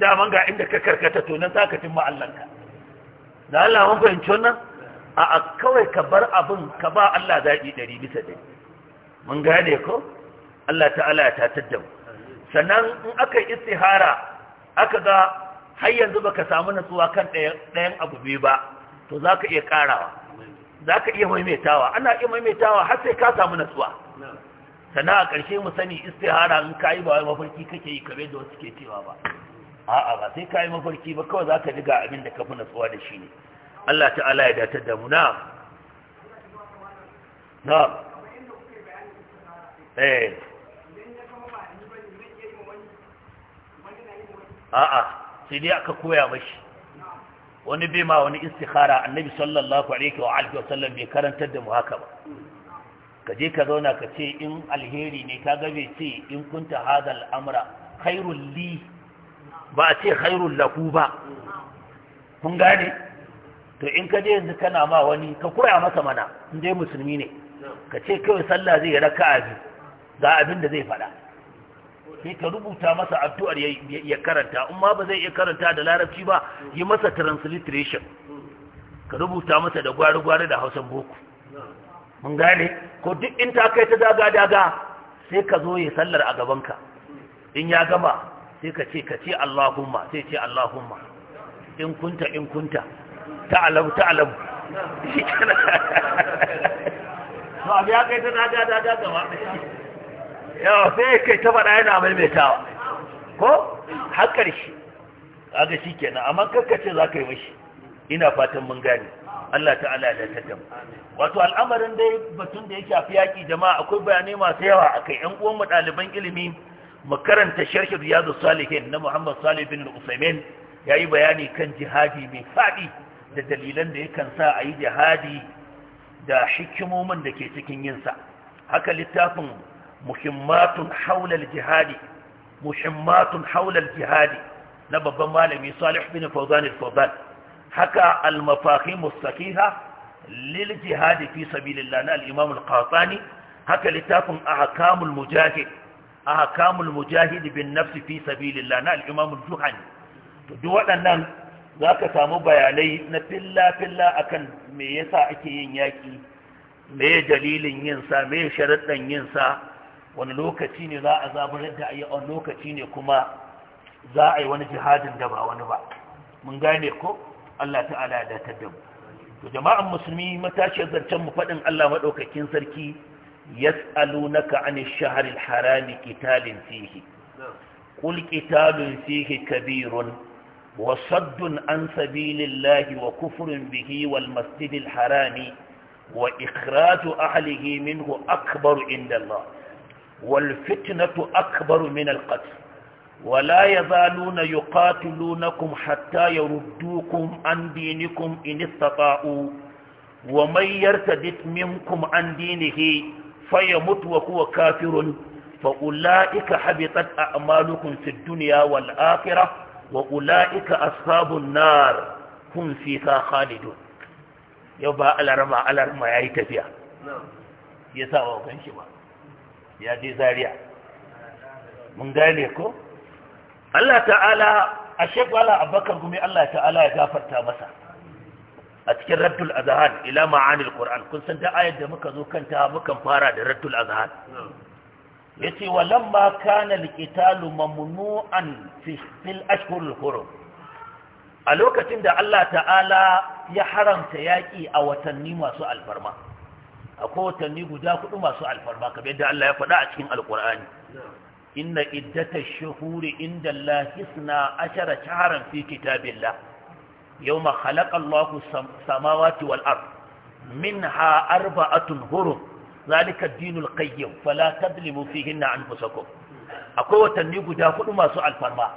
da daman ga inda ka karkata to nan zaka cimma ma'allanka. da Allah mun fahimci wannan a kawai ka bar abin ka ba Allah zaɓi ɗari bisa ɗari mun gane ko Allah ta'ala ya tatar da mu sannan in aka yi istihara aka ga har yanzu baka samu natsuwa kan ɗayan abu biyu ba to za ka iya ƙarawa za ka iya maimaitawa ana iya maimaitawa har sai ka samu natsuwa sana a ƙarshe mu sani istihara in ka yi ba wai mafarki kake yi kamar da wasu ke cewa ba a'a ba sai ka yi mafarki ba kawai za ka ji abin da ka fi natsuwa da shi ne Allah ta'ala ya datar da mu na na eh a'a sai dai aka koya mashi wani bai ma wani istikhara annabi sallallahu alaihi wa alihi sallam bai karantar da mu haka ba ka je ka zauna ka ce in alheri ne ka gabe ce in kunta hadal amra khairul li ba a ce khairul lahu ba kun gane to in ka je yanzu kana ma wani ka koya masa mana in dai musulmi ne ka ce kawai sallah zai raka'a bi ga abin da zai faɗa sai ka rubuta masa addu'ar ya karanta in ma ba zai iya karanta da larabci ba yi masa transliteration ka rubuta masa da gwari-gwari da hausan boko mun gane ko duk in ta kai ta daga-daga sai ka zo ya sallar a gabanka in ya gama sai ka ce ka ce Allahumma sai ce Allahumma in kunta in kunta Ta ta'alamu shi kana ya kai ta daga-daga yawa sai kai ta faɗa yana maimaitawa ko har ƙarshe ga shi kenan amma kakkace za ka yi mashi ina fatan mun gane Allah ta'ala da tattam wato al'amarin dai batun da ya shafi yaƙi jama'a akwai bayanai masu yawa akai yan uwan mu ɗaliban ilimi mu karanta sharhi riyadu salihin na Muhammad Salih bin Usaimin yayi bayani kan jihadi mai faɗi da dalilan da yakan sa a yi jihadi da hikimomin da ke cikin yinsa haka littafin muhimmatun haulal jihadi muhimmatun haulal jihadi na babban malami salih bin fawzan al-fawzan haka al-mafahim haka littafin ahkamul mujahid ahkamul mujahid bin nafs waɗannan zaka samu bayanai na filla filla akan me yasa ake yin yaƙi. me dalilin yinsa me yin sa wani lokaci ne za a zaburar da ayi wani lokaci ne kuma za a yi wani jihadin da ba wani ba mun gane ko Allah ta'ala da ta damu to jama'an musulmi matashi zancen mu faɗin Allah maɗaukakin sarki yas'alunaka kani shahril harami qitalin fihi qul qitalun fihi kabirun wa saddun an sabilillahi wa kufrun bihi wal masjidil harami wa ikhraju ahlihi minhu akbaru inda Allah wal fitnatu akbaru min al qatl ولا يزالون يقاتلونكم حتى يردوكم عن دينكم إن استطاعوا ومن يرتد منكم عن دينه فيمت وهو كافر فأولئك حبطت أعمالكم في الدنيا والآخرة وأولئك أصحاب النار هم فيها خالدون يبقى الأرمى الأرمى يا تفيا يساوى كنشبه ya je zariya mun gane ko Allah ta'ala a shekwala abakar gumi Allah ta'ala ya gafarta masa a cikin raddul azhan ila ma'anil qur'an kun san da ayar da muka zo kanta mukan fara da raddul azhan yace walamma kana alqitalu mamnu'an fil ashhurul hurum a lokacin da Allah ta'ala ya haramta yaƙi a watanni masu alfarma akwai watanni guda kudu masu alfarma kamar yadda Allah ya faɗa a cikin alkur'ani inna iddata shuhuri inda lahisna ashara shaharan fi yau yawma khalaqa Allahu samawati wal ha minha arba'atun hurum zalika ad-dinul qayyim fala tadlimu an anfusakum akwai watanni guda hudu masu alfarma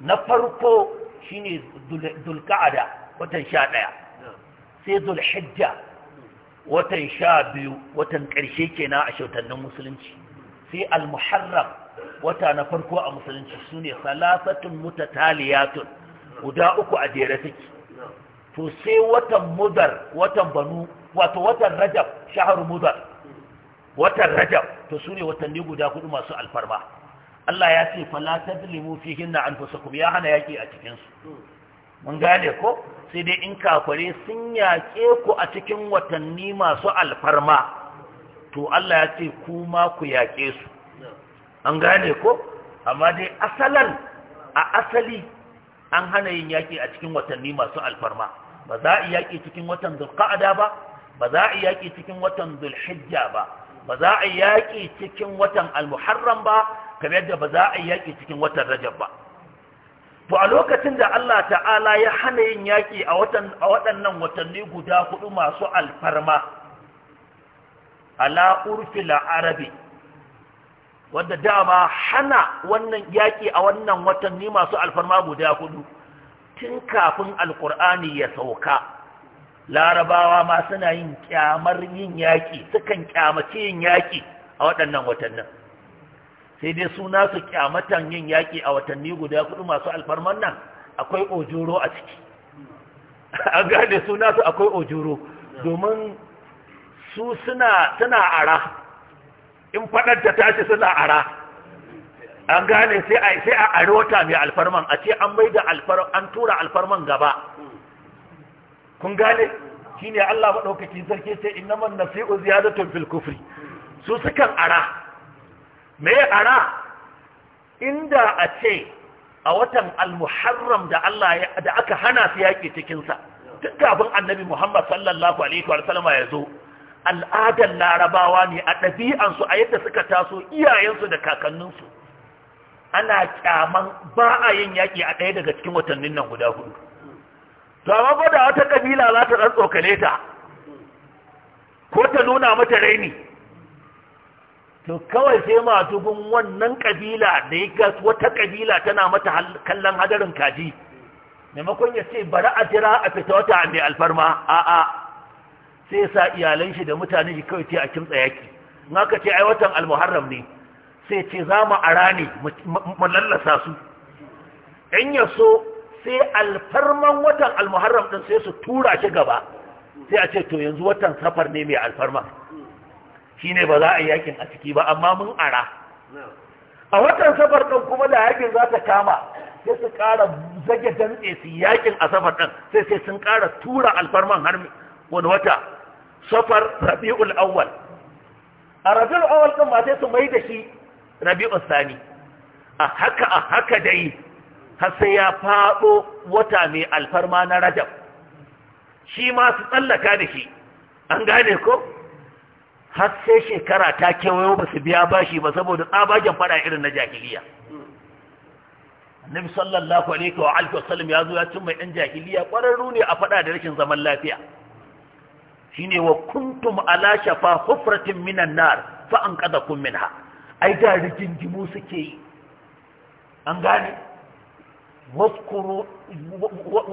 na farko shine dulqa'ada watan sha ɗaya. sai dulhijja watan sha biyu watan ƙarshe kenan a shautannin musulunci sai al-muharram wata na farko a musulunci su ne salasatun mutataliyatun guda uku a jere take to sai watan mudar watan banu wato watan rajab shahar mudar watan rajab to su ne watanni guda kudu masu alfarma Allah ya ce fala tadlimu fihinna kuma ya hana yaki a cikinsu. mun gane ko sai dai in kafare sun yaƙe ku a cikin watanni masu alfarma to Allah ya ce ku ma ku yaƙe su an gane ko amma dai asalan a asali an hana yin yaƙi a cikin watanni masu alfarma ba za a yaƙi cikin watan zulqa'ada ba ba za a yaƙi cikin watan zulhijja ba ba za a yaƙi cikin watan almuharram ba kamar yadda ba za a yaƙi cikin watan rajab ba to a lokacin da Allah ta'ala ya hana yin yaƙi a waɗannan watanni guda hudu masu alfarma ala urfi arabi wadda dama hana wannan yaƙi a wannan watanni masu alfarma guda hudu tun kafin alkur'ani ya sauka larabawa ma suna yin kyamar yin yaƙi sukan kyamace yin yaƙi a waɗannan watannin sai dai suna su kyamatan yin yaƙi a watanni guda kudu masu alfarman nan akwai ojoro a ciki an gane suna su akwai ojoro domin su suna suna ara in faɗanta ta tashi suna ara an gane sai a sai a arota mai alfarman a ce an mai da alfar an tura alfarman gaba kun gane shine Allah madaukakin sarki sai innaman nasi'u ziyadatun fil kufri su sukan ara me ana inda a ce a watan al-muharram da Allah da aka hana su yaƙi cikinsa duk kafin annabi Muhammad sallallahu alaihi wa sallama ya zo al'adar larabawa ne a ɗabi'ansu a yadda suka taso iyayensu da kakanninsu ana kyaman ba a yin yaƙi a ɗaya daga cikin watannin nan guda hudu to amma ba da wata ƙabila za ta ɗan tsokale ta ko ta nuna mata raini to kawai sai tubun wannan kabila da ya ga wata kabila tana mata kallon hadarin kaji maimakon ya ce bari a jira a fita wata mai alfarma a'a sai sa iyalan shi da mutane shi kawai ce a kimtsa yaki in aka ce ai watan almuharram ne sai ce za mu ara ne mu lallasa su in ya so sai alfarman watan almuharram din sai su tura shi gaba sai a ce to yanzu watan safar ne mai alfarma Shi ne ba za a yi yakin a ciki ba amma mun ara a watan safar ɗin kuma da yakin za ta kama sai su ƙara zage dantse su yakin a safar ɗin sai sai sun ƙara tura alfarman har wani wata safar rabi'ul awwal a rabi'ul awwal ɗin ma sai su mai da shi rabi'ul sani a haka a haka dai har sai ya faɗo wata mai alfarma na rajab shi ma su tsallaka da shi an gane ko har sai shekara ta kewayo ba su biya bashi ba saboda tsabagen fada irin na jahiliya Nabi sallallahu alaihi wa alihi wasallam ya zo ya cin mai ɗan jahiliya ƙwararru ne a fada da rashin zaman lafiya shine wa kuntum ala shafa hufratin minan nar fa an kada kun minha ai da rigingimu suke yi an gane waskuru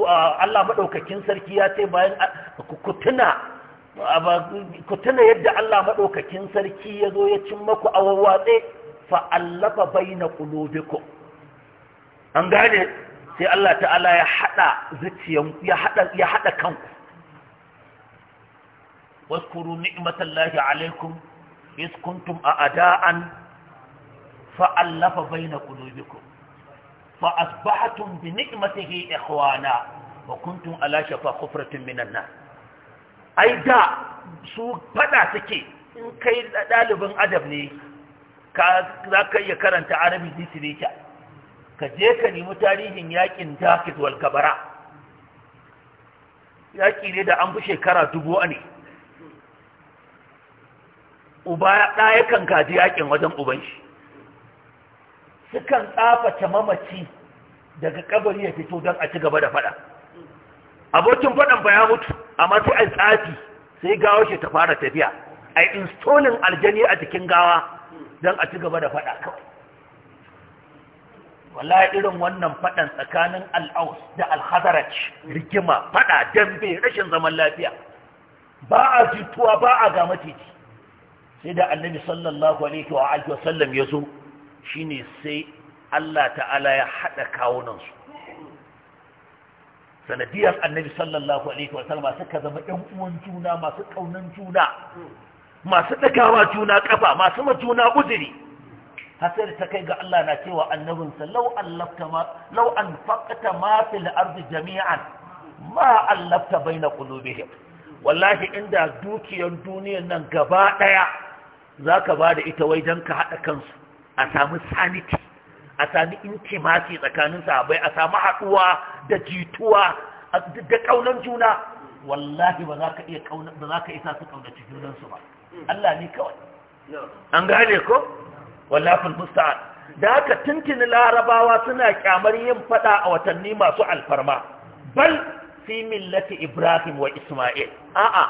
Allah madaukakin sarki ya ce bayan ku tuna ku tuna yadda Allah maɗaukakin sarki ya zo ya cin maku a wawwatse fa'allafa bai na ƙulobiku an gane sai Allah ta'ala ya haɗa zuciyan ya haɗa kanku waskuru ni'matan lahi alaikum is kuntum a ada'an fa'allafa bai na ƙulobiku fa'asbahatun bi ni'matihi ikhwana wa kuntum ala shafa kufratin minan nan ai da su fada suke in kai ɗalibin adab ne za ka iya karanta arabic literature ka je ka nemi tarihin yakin dakit wal kabara yaki ne da an fi shekara dubu ne uba ɗaya kan kaji yakin wajen uban shi sukan tsaface mamaci daga kabari ya fito don a ci gaba da fada abokin faɗan ba ya mutu amma sai a tsafi sai gawa shi ta fara tafiya a installing aljani a jikin gawa don a ci gaba da faɗa kawai wallahi irin wannan faɗan tsakanin al'aus da alhazarach rigima faɗa dambe rashin zaman lafiya ba a jituwa ba a ga matiti sai da annabi sallallahu alaihi wa sallam ya zo shine sai Allah ta'ala ya haɗa kawunansu sanadiyar annabi sallallahu alaihi wasallam suka zama ɗan uwan juna masu ƙaunan juna masu ɗagawa juna ƙafa masu ma juna uzuri hasar ta kai ga Allah na cewa annabinsa law allafta ma law anfaqta ma fil ardi jami'an ma allafta baina qulubihim wallahi inda dukiyar duniyar nan gaba daya zaka bada ita wai dan ka hada kansu a samu sanity a sami intimati tsakanin sabai a sami haɗuwa da jituwa da ƙaunar juna wallahi ba za ka iya ba za ka isa su ƙaunaci junansu ba Allah ne kawai an gane ko wallahi musta'an da haka tuntuni larabawa suna kyamar yin fada a watanni masu alfarma bal fi millati ibrahim wa isma'il a'a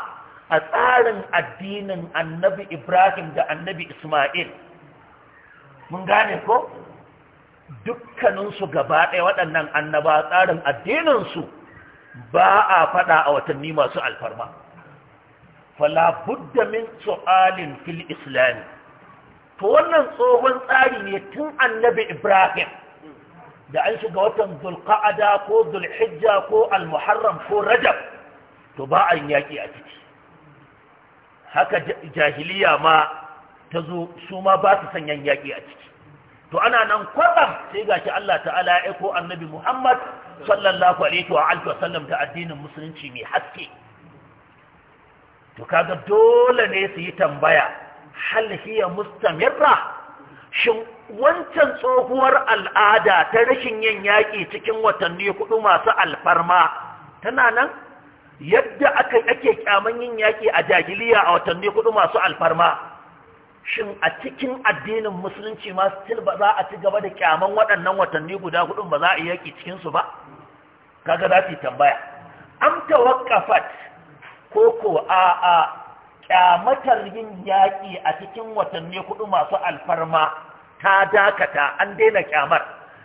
a tsarin addinin annabi ibrahim da annabi isma'il mun gane ko dukkaninsu gaba ɗaya waɗannan annaba tsarin addininsu ba a faɗa a watanni masu alfarma fala buddha min su'alin fil islami. to wannan tsohon tsari ne tun annabi ibrahim da an shiga watan zulka'ada ko zulhijja ko almuharram ko rajab to ba a yaƙi a ciki haka jahiliya ma ta zo su ma ba su sanyan yaƙi a ciki to ana nan kwatsam sai gashi Allah ta'ala ya aiko annabi Muhammad sallallahu alaihi wa alihi sallam da addinin musulunci mai haske to kaga dole ne su yi tambaya hal hiya mustamirra shin wancan tsohuwar al'ada ta rashin yin yaƙi cikin watanni hudu masu alfarma tana nan yadda aka ake kyaman yin yaƙi a jahiliya a watanni hudu masu alfarma shin a cikin addinin musulunci ma still ba za a ci gaba da kyaman waɗannan watanni guda hudun ba za a yaki cikin su ba kaga za su tambaya am tawaqqafat ko ko a a kyamatar yin yaƙi a cikin watanni hudu masu alfarma ta dakata an daina kyamar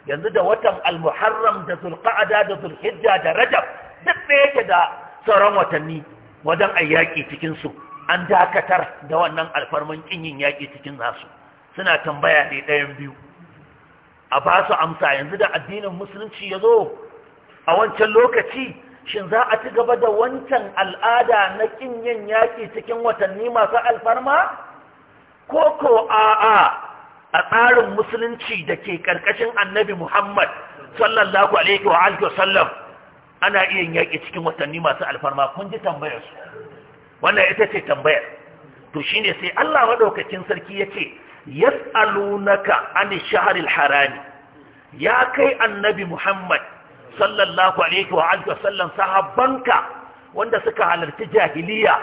yanzu da watan al-muharram da zulqa'ada da zulhijja da rajab duk da yake da sauran watanni wajen ayyaki cikin su an dakatar da wannan alfarman kinyin yaƙi cikin nasu suna tambaya ne ɗayan biyu a ba su amsa yanzu da addinin musulunci ya zo a wancan lokaci shin za a ci gaba da wancan al'ada na kinyin yaƙi cikin watanni masu alfarma ko ko a'a a tsarin musulunci da ke ƙarƙashin annabi muhammad sallallahu alaihi wa alihi ana iya yaƙi cikin watanni masu alfarma kun ji su. wannan ita ce tambayar to ne sai Allah madaukakin sarki yace yas'alunaka an shahril harami ya kai annabi Muhammad sallallahu alaihi wa alihi wasallam sahabbanka wanda suka halarci jahiliya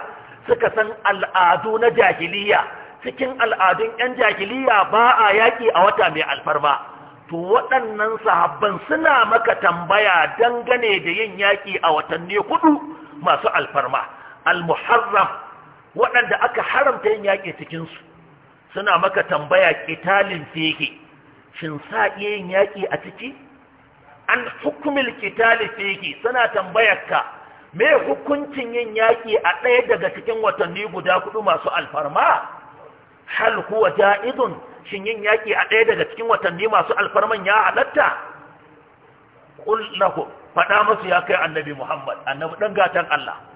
suka san al'adu na jahiliya cikin al'adun 'yan jahiliya ba a yaƙi a wata mai alfarma to waɗannan sahabban suna maka tambaya dangane da yin yaƙi a watanni hudu masu alfarma al-muharram waɗanda aka haramta yin yaƙi cikinsu suna maka tambaya ƙitalin feke shin sa iya yin yaƙi a ciki an hukumil ƙitali feke suna tambayar ka me hukuncin yin yaƙi a ɗaya daga cikin watanni guda kudu masu alfarma hal kuwa ja'izun shin yin yaƙi a ɗaya daga cikin watanni masu alfarman ya halatta qul lahu faɗa musu ya kai annabi Muhammad annabi dan gatan Allah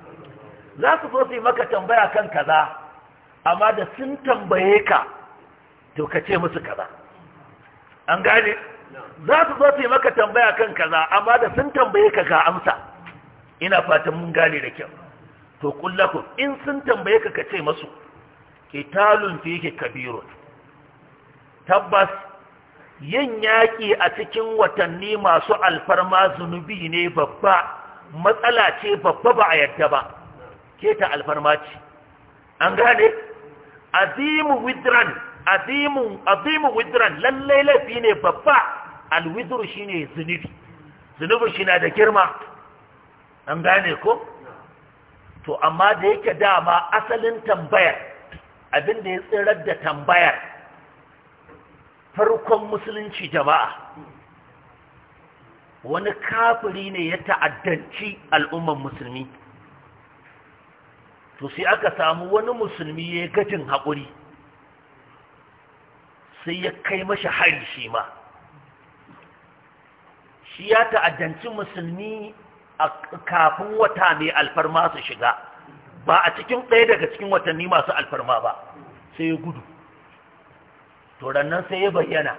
za su so su yi maka tambaya kan kaza amma da sun tambaye ka to ka ce musu kaza an gane za su so su yi maka tambaya kan kaza amma da sun tambaye ka ga amsa ina fatan mun gane da kyau to kullakum in sun tambaye ka ka ce masu qitalun fihi kabirun tabbas yin yaƙi a cikin watanni masu alfarma zunubi ne babba matsala ce babba ba a yadda ba keta alfarmaci. ce an gane azimu widran azimu azimu widran lalle laifi ne babba alwidru shine zunubi zunubi shi da girma an gane ko to amma da yake dama asalin tambayar abin da ya tsirar da tambayar farkon musulunci jama'a wani kafiri ne ya ta'addanci al'umman musulmi to sai aka samu wani musulmi ya gajin haƙuri sai ya kai mashi hari shi ma shi ya ta'addanci musulmi a kafin wata mai alfarma su shiga ba a cikin ɗaya daga cikin watanni masu alfarma ba sai ya gudu turannan sai ya bayyana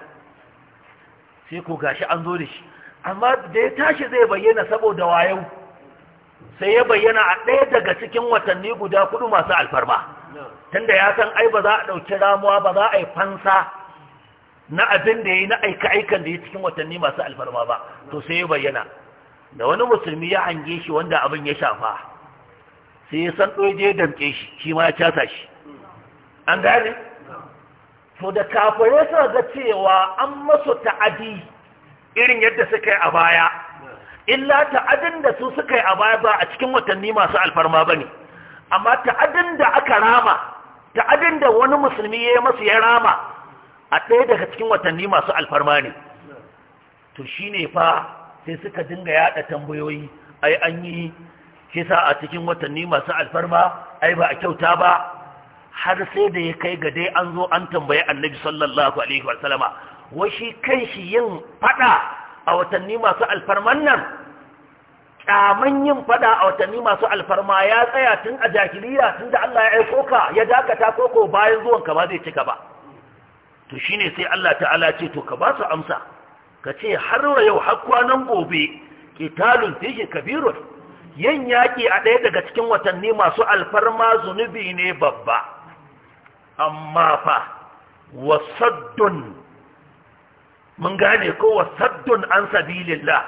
sai ko gashi an zo da shi amma da ya tashi zai bayyana saboda wayo. sai ya bayyana a ɗaya daga cikin watanni guda kudu masu alfarma tunda ya san ai ba za a ɗauki ramuwa ba za a yi fansa na abin da ya yi na aika-aikan da ya cikin watanni masu alfarma ba to sai ya bayyana da wani musulmi ya hange shi wanda abin ya shafa sai ya san ɗoje ya damƙe shi shi ma ya casa shi an gane to da kafare suna ga cewa an masu ta'adi irin yadda suka yi a baya illa ta'adin da su suka yi a baya ba a cikin watanni masu alfarma ba ne amma ta'adin da aka rama ta'adin da wani musulmi ya yi masu ya rama a ɗaya daga cikin watanni masu alfarma ne to shi ne fa sai suka dinga yaɗa tambayoyi ai an yi kisa a cikin watanni masu alfarma ai ba a kyauta ba har sai da ya kai ga dai an zo an tambayi annabi sallallahu alaihi wa sallama Wa shi kan shi yin faɗa a watanni masu alfarman nan kyaman yin fada a watanni masu alfarma ya tsaya tun a jahiliya tun da Allah ya aiko ka ya dakata koko bayan zuwan ka ba zai cika ba to shine sai Allah ta'ala ce to ka ba su amsa ka ce har yau har kwanan gobe kitalun fihi kabirun yin yaki a ɗaya daga cikin watanni masu alfarma zunubi ne babba amma fa wasaddun mun gane ko saddun an sabilillah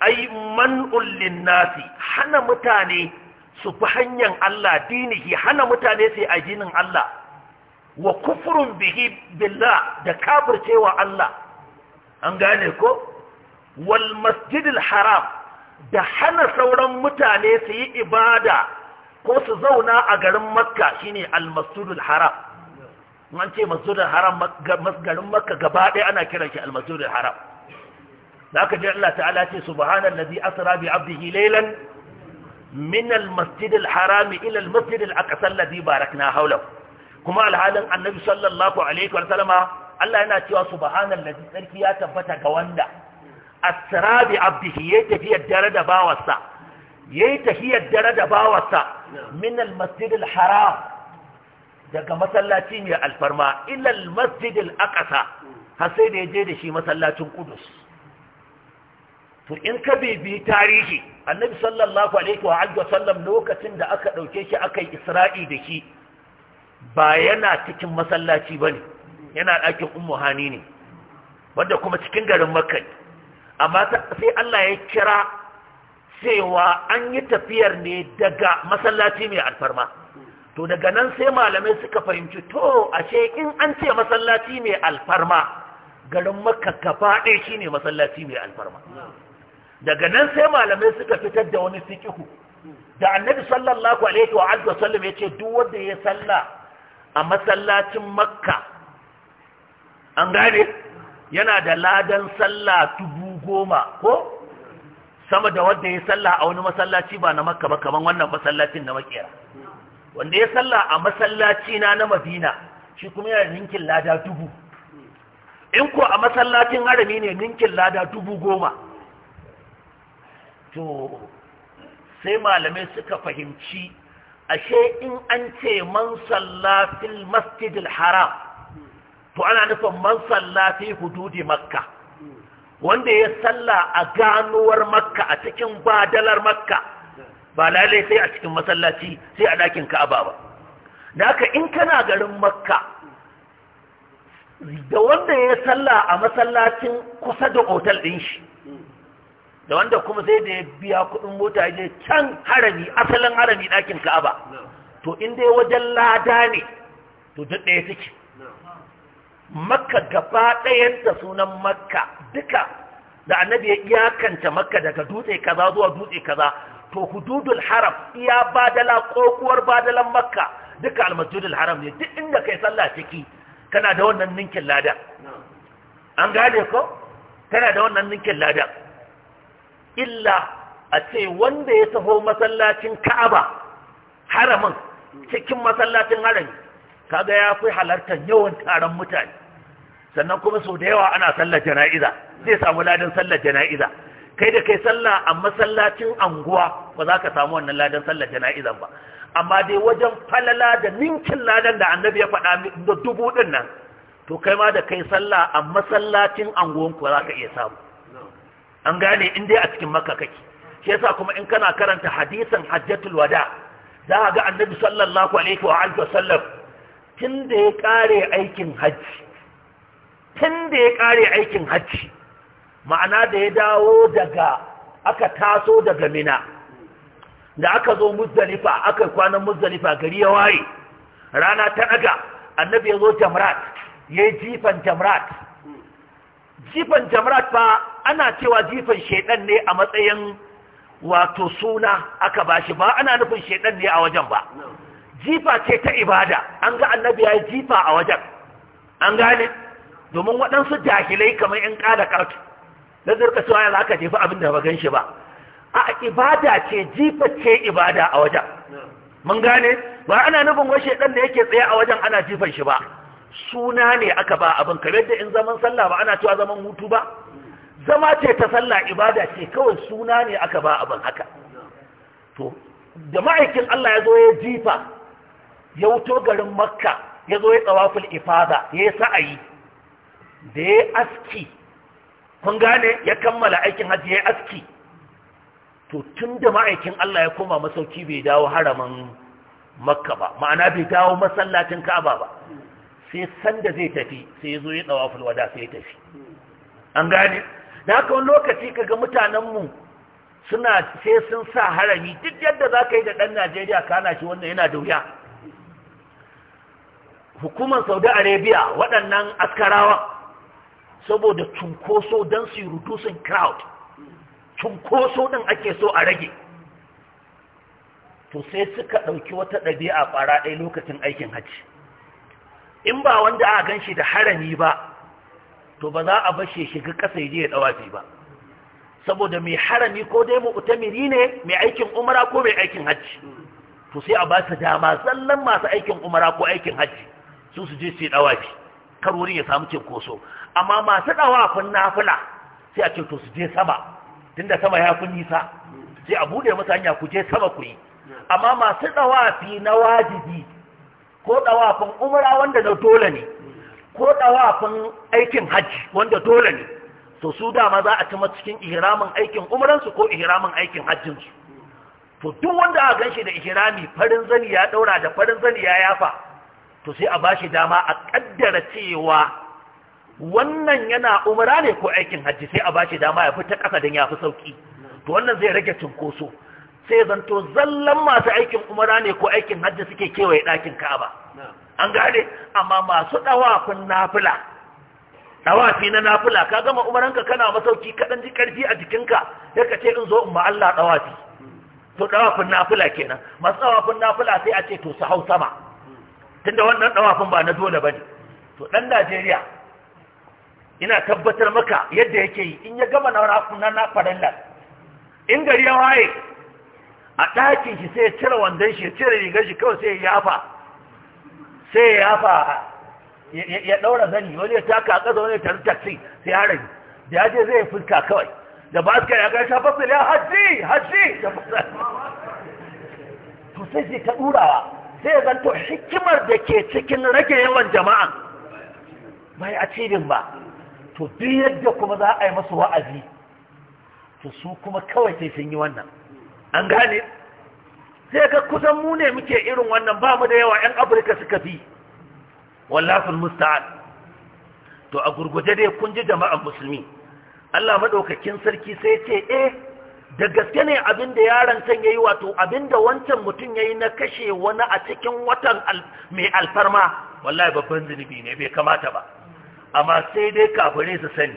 ai man'un linnasi hana mutane su fi hanyar Allah dinihi hana mutane yi ajinin Allah wa kufurun bihi billah da kafircewa Allah an gane ko wal masjidil haram da hana sauran mutane su yi ibada ko su zauna a garin makka shine al masjidul haram an ce masjidin haram garin makka gaba ɗaya ana kiran shi almasjidin haram da aka ji Allah ta'ala ce subhanan ladhi asra bi abdihi laylan min almasjid alharam ila almasjid alaqsa alladhi barakna hawlahu kuma alhalin annabi sallallahu alaihi wa sallama Allah yana cewa subhanan ladhi sarki ya tabbata ga wanda asra bi abdihi yayi tafiyar dare da bawarsa yayi tafiyar dare da bawarsa min almasjid alharam daga masallaci mai alfarma ilal masjidil aqsa har sai da ya je da shi masallacin kudus to in ka bibi tarihi annabi sallallahu alaihi wa alihi wasallam lokacin da aka dauke shi aka isra'i da shi ba yana cikin masallaci bane yana ɗakin ummu hani ne wanda kuma cikin garin makka amma sai Allah ya kira cewa an yi tafiyar ne daga masallaci mai alfarma to daga nan sai malamai suka fahimci to ashe in an ce masallaci mai alfarma garin makka gaba ɗaya shine masallaci mai alfarma daga nan sai malamai suka fitar da wani fikihu da annabi sallallahu alaihi wa alihi wasallam yace duk wanda ya salla a masallacin makka an gane yana da ladan salla dubu goma ko sama da wanda ya salla a wani masallaci ba na makka ba kaman wannan masallacin na makera wanda ya salla a masallaci na na madina shi kuma yana ninkin lada dubu in ko a masallacin harami ne ninkin lada dubu goma to sai malamai suka fahimci ashe in an ce man sallafin masjidil haram to ana nufin man sallafi hududi makka wanda ya salla a ganuwar makka a cikin badalar makka ba lalai sai a cikin masallaci sai a ɗakin ka'aba ba da haka in kana garin makka da wanda ya salla a masallacin kusa da otal ɗin shi da wanda kuma sai da ya biya kuɗin mota je can harami asalin harami ɗakin ka'aba to in dai wajen lada ne to duk ɗaya take makka gaba ɗayanta sunan makka duka da annabi ya iyakanta makka daga dutse kaza zuwa dutse kaza to hududul haram iya badala kokuwar badalan makka duka almasjidul haram ne duk inda kai sallah ciki kana da wannan ninkin lada an gane ko kana da wannan ninkin lada illa a ce wanda ya taho masallacin ka'aba haramin cikin masallacin harami kaga ya fi halartar yawan taron mutane sannan kuma sau da yawa ana sallar jana'iza zai samu ladin sallar jana'iza kai da kai sallah a masallacin anguwa ba za ka samu wannan ladan sallar jana'izan ba amma dai wajen falala da ninkin ladan da annabi ya faɗa da dubu ɗin nan to kai ma da kai sallah a masallacin anguwan ku za ka iya samu an gane in dai a cikin makka kake shi yasa kuma in kana karanta hadisin hajjatul wada za ka ga annabi sallallahu alaihi wa alihi wasallam tun da ya kare aikin hajji tun da ya kare aikin hajji ma'ana da ya dawo daga aka taso daga mina da aka zo muzdalifa aka kwanan muzdalifa gari ya waye rana ta daga annabi ya zo jamrat ya yi jifan jamrat jifan jamrat fa ana cewa jifan shedan ne a matsayin wato suna aka bashi ba ana nufin shedan ne a wajen ba jifa ce ta ibada an ga annabi ya yi jifa a wajen an gane domin waɗansu jahilai kamar in ƙada ƙarfi na zurka cewa yanzu aka jefa abin da ba gan shi ba a ibada ce jifa ce ibada a wajen mun gane ba ana nufin washe dan da yake tsaye a wajen ana jifan shi ba suna ne aka ba abin kamar da in zaman sallah ba ana cewa zaman hutu ba zama ce ta sallah ibada ce kawai suna ne aka ba abin haka to da ma'aikin Allah ya zo ya jifa ya wuto garin makka ya zo ya tsawafin ifada ya yi sa'ayi da ya aski mun gane ya kammala aikin hajji ya aski to tun da ma'aikin Allah ya koma masauki bai dawo haramin makka ba ma'ana bai dawo masallacin ka'aba ba sai sanda zai tafi sai ya zo ya dawa fulwada sai ya tafi an gane da haka wani lokaci kaga mutanenmu suna sai sun sa harami duk yadda za ka yi da ɗan najeriya kana shi wannan yana da wuya hukumar saudi arabia waɗannan askarawa saboda cunkoso don su yi reducing crowd cunkoso ɗin ake so a rage to sai suka ɗauki wata ɗabi'a ɓara ɗai lokacin aikin hajji in ba wanda a gan shi da harami ba to ba za a bashe shiga ƙasa ya je ya ɗawafi ba saboda mai harami ko dai mu'tamiri ne mai aikin umara ko mai aikin hajji to sai a ba su dama zallan masu aikin umara ko aikin hajji su su je su yi ɗawafi kar wurin ya samu cinkoso amma masu kun nafila sai a ce to su je sama tunda sama ya kun nisa sai a buɗe musu hanya ku je sama ku yi amma masu fi na wajibi ko kun umra wanda na dole ne ko kun aikin hajji wanda dole ne to su dama za a ci cikin ihramin aikin umransu ko ihramin aikin hajjinsu to duk wanda a ganshi da ihrami farin zani ya ɗaura da farin zani ya yafa to sai a bashi dama a kaddara cewa wannan yana umara ne ko aikin hajji sai a bashi dama ya fita ƙasa don ya fi sauki to wannan zai rage cinkoso sai zanto zallan masu aikin umara ne ko aikin hajji suke kewaye ɗakin ka'aba an gane amma masu ɗawafin nafila ɗawafi na nafila ka gama umaranka kana masauki kaɗan ji ƙarfi a jikinka ya ka ce in zo in maalla Allah ɗawafi to ɗawafin nafila kenan masu ɗawafin nafila sai a ce to su hau sama tunda wannan dawafin ba na dole bane to dan Najeriya ina tabbatar maka yadda yake yi in ya gama na rafuna na farallar in gari ya waye a dakin shi sai ya cire wandon shi ya cire rigar shi kawai sai ya yafa sai ya yafa ya ɗaura zani wani ya taka a ƙasa wani ya taru taxi sai ya rage da ya je zai fuska kawai da ba ya ga shafafil ya hajji hajji da fuska to sai sai ka ɗurawa zai zanto hikimar da ke cikin rage yawan jama'a bai a cibin ba to duk yadda kuma za a yi masu wa'azi to su kuma kawai sai sun yi wannan an gane sai ga kusan mu ne muke irin wannan ba mu da yawa 'yan afirka suka fi wallafin musta'ad to a gurguje dai kun ji jama'an musulmi allah maɗaukakin sarki sai ce eh da gaske ne abin da yaron can ya wato abin da wancan mutum yayi na kashe wani a cikin watan mai alfarma wallahi babban zunubi ne bai kamata ba amma sai dai kafirai su sani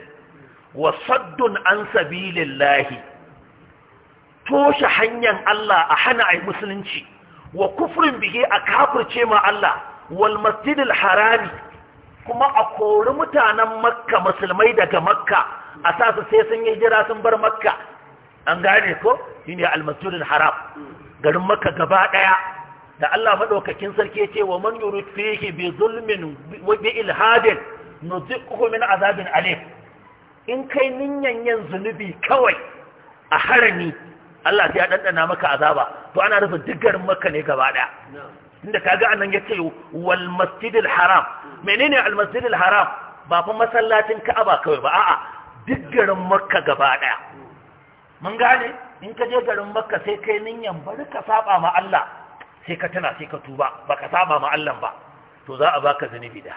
wa saddun an sabilillahi toshe hanyar Allah a hana ai musulunci wa kufurin bihi a kafirce ma Allah wal masjidil harami kuma a kori mutanen makka musulmai daga makka a sa su sai sun yi jira sun bar makka an gane ko shine al-masjidul haram garin makka gaba ɗaya. da Allah maɗaukakin sarki ya ce wa man yurid fihi bi zulmin wa bi ilhadin nuziquhu min azabin alim in kai ninyan yan zunubi kawai a harami Allah sai ya dandana maka azaba to ana rufe duk garin makka ne gaba daya inda kaga anan yace wal masjidil haram menene al masjidil haram ba fa masallacin ka'aba kawai ba a'a duk garin makka gaba ɗaya. mun gane in ka je garin makka sai kai ninyan bari ka saba ma Allah sai ka tana sai ka tuba ka saba ma Allah ba to za a baka zunubi da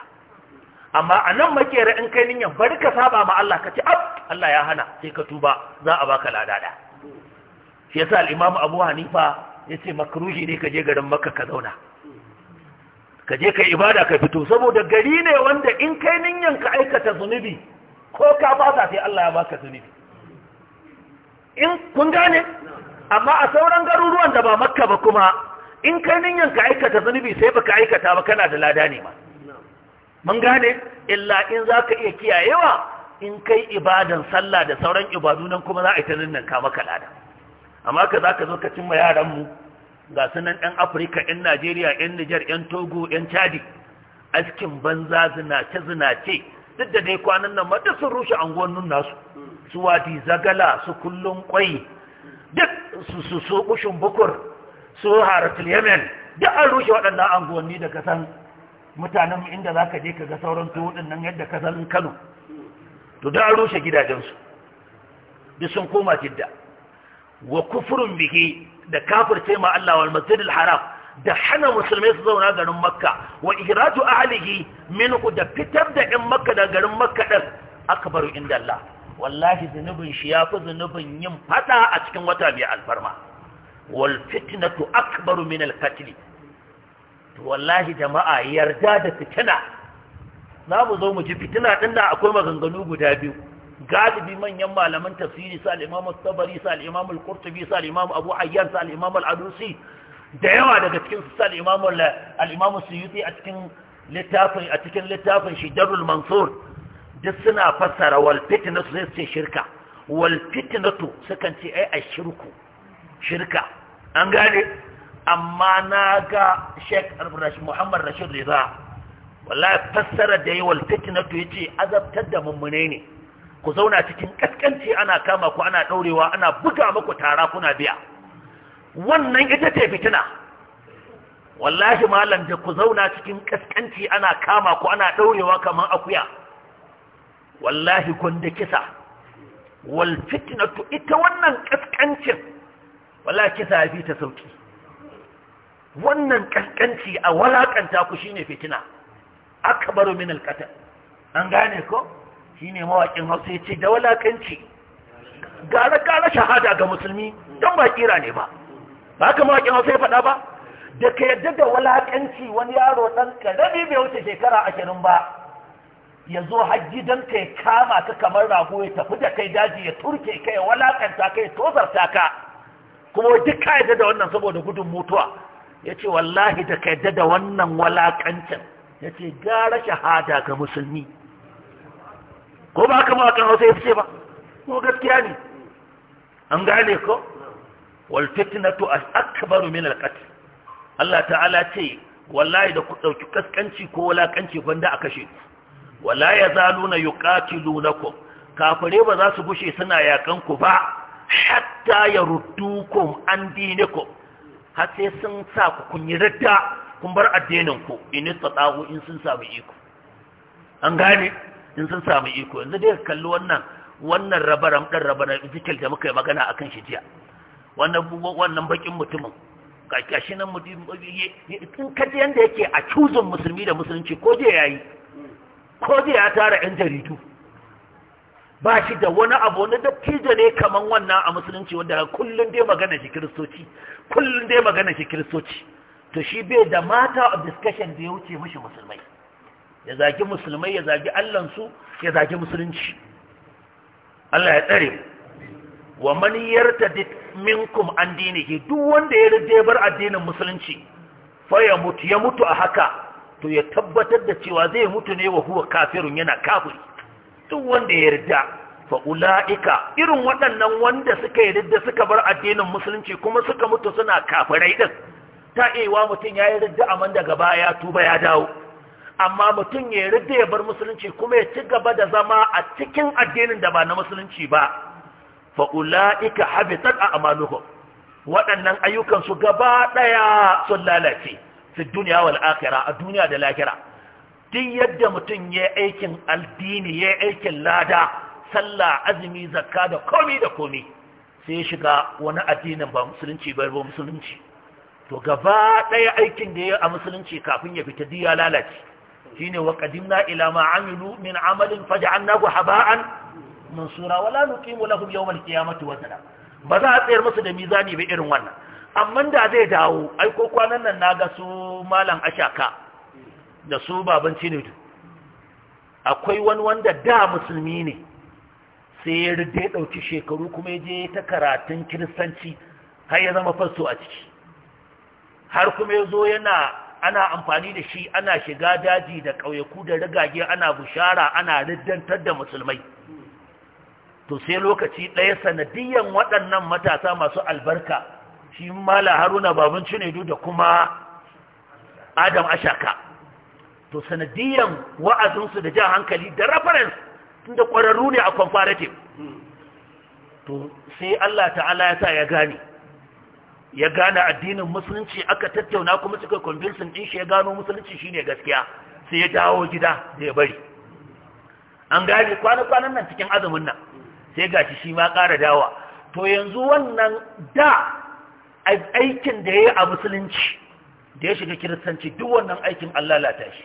amma a nan makera in kai niyan bari ka saba ma Allah ka ce ab Allah ya hana sai ka tuba za a baka da. shi yasa al-Imam Abu Hanifa yace makruhi ne ka je garin makka ka zauna ka je kai ibada ka fito saboda gari ne wanda in kai ninyan ka aikata zunubi ko ka fasa sai Allah ya baka zunubi in kun gane amma a sauran garuruwan da ba makka ba kuma in kai niyan ka aikata zunubi sai baka aikata ba kana da lada ne ma mun gane illa in zaka iya kiyayewa in kai ibadan sallah da sauran ibadu nan kuma za a yi ta nan ka maka lada amma ka zaka zo ka cimma yaran mu ga sunan ɗan afirka 'yan najeriya 'yan nijar 'yan togo 'yan chadi askin banza zinace zinace duk da dai kwanan nan ma duk sun rushe anguwannin nasu su wadi zagala su kullum kwai duk su su kushin bukur su haratul yemen duk an rushe waɗannan anguwanni da kasan mutanen inda za ka je ka ga sauran tuwo nan yadda zan kano to da an rushe gidajensu duk sun koma jidda wa kufurin bihi da kafirce ma Allah wal masjidil haram da hana musulmai su zauna garin makka wa ihraju ahlihi minhu da fitar da 'yan makka da garin makka aka akbaru inda Allah wallahi zunubin shi ya fi zunubin yin fada a cikin wata mai alfarma wal akbaru min al wallahi jama'a yarda da fitina za mu zo mu ji fitina din da akwai maganganu guda biyu galibi manyan malaman tafsiri sa al-Imam Tabari sa al al sa al Abu Ayyan sa al al da yawa daga cikin su sa al al Suyuti a cikin littafin a cikin littafin shi Darul Mansur duk suna fassara wal fitnatu sai su ce shirka wal fitnatu sukan ce ai ashirku shirka an gane amma na ga Sheikh Muhammad Rashid Riza wallahi fassara da yi wal fitnatu yace azabtar da mummune ne ku zauna cikin kaskanci ana kama ku ana daurewa ana buga muku tara kuna biya wannan ita ce fitina wallahi malam da ku zauna cikin kaskanci ana kama ku ana daurewa kaman akuya wallahi gwanda kisa wal fitnatu ita wannan kaskancin wallahi kisa ya fi ta sauki wannan kaskanci a walakanta ku shine fitina akbaru min alqatl an gane ko shine mawakin Hausa yace da walakanci gara gara shahada ga musulmi don ba kira ne ba ba ka mawakin Hausa ya faɗa ba da ka yadda da walakanci wani yaro dan karami bai wuce shekara ashirin ba ya zo hajji don ka ya kama ka kamar rago ya tafi da kai daji ya turke ka ya walakanta ka ya tozarta ka kuma duk ka yadda da wannan saboda gudun mutuwa ya ce wallahi da ka yadda da wannan walakancin ya ce gara shahada ga musulmi ko ba haka mawakan hausa ya fice ba ko gaskiya ne an gane ko wal fitnatu akbaru min al Allah ta'ala ce wallahi da ku dauki kaskanci ko walakanci banda a kashe ku wala ya na yazaluna ku. kafire ba za su gushe suna yakan ku ba hatta ku an dinikum har sai sun sa ku kun yi radda kun bar addinin ku in in sun samu iko an gane in sun samu iko yanzu dai kalli wannan wannan rabaram dan rabaram zikir da muka yi magana akan shi jiya wannan wannan bakin mutumin kashi nan mutum in kaje yanda yake a cuzun musulmi da musulunci ko je yayi ko zai ya tara 'yan jaridu ba shi da wani abu wani dattijo ne kamar wannan a musulunci wanda kullum dai magana shi kiristoci kullum dai magana shi kiristoci to shi bai da mata of discussion da ya wuce mashi musulmai ya zagi musulmai ya zagi allansu ya zagi musulunci allah ya tsare wa man yartadid minkum an dinihi duk wanda ya rida addinin musulunci fa ya mutu ya mutu a haka to ya tabbatar da cewa zai mutu ne wa huwa kafirun yana kafiri duk wanda ya yarda fa ulaika irin waɗannan wanda suka yarda suka bar addinin musulunci kuma suka mutu suna kafirai din ta ewa mutum ya yarda amma daga baya ya tuba ya dawo amma mutum ya yarda ya bar musulunci kuma ya ci gaba da zama a cikin addinin da ba na musulunci ba fa ulaika habitat a'maluhum waɗannan ayyukan su gaba ɗaya sun lalace fi duniya wal akhirah a duniya da lahira duk yadda mutum ya aikin aldini ya aikin lada sallah azumi zakka da komi da komi sai shiga wani addinin ba musulunci ba ba musulunci to gaba ɗaya aikin da ya a musulunci kafin ya fita diya lalace shine wa qadimna ila ma amilu min amalin faj'alnahu haba'an mansura wala nuqimu lahum yawm alqiyamati wazna ba za a tsayar musu da mizani ba irin wannan amma da zai dawo ai ko kwanan nan na ga su malam ashaka da su baban cinidu akwai wani wanda da musulmi ne sai ya rida ya ɗauki shekaru kuma ya je ta karatun kiristanci har ya zama fasto a ciki har kuma ya zo yana ana amfani da shi ana shiga daji da ƙauyaku da rigage ana bushara ana riddantar da musulmai to sai lokaci ɗaya sanadiyan waɗannan matasa masu albarka shi mala haruna baban du da kuma adam ashaka to sanadiyan wa'azinsu da jan hankali da reference tun da ƙwararru ne a comparative to sai Allah ta'ala ya sa ya gane ya gane addinin musulunci aka tattauna kuma suka convincing din shi ya gano musulunci shine gaskiya sai ya dawo gida da ya bari an gane kwana-kwanan nan cikin azumin nan sai gashi shi ma ƙara dawa to yanzu wannan da aikin da ya yi a musulunci da ya shiga kiristanci duk wannan aikin Allah lata shi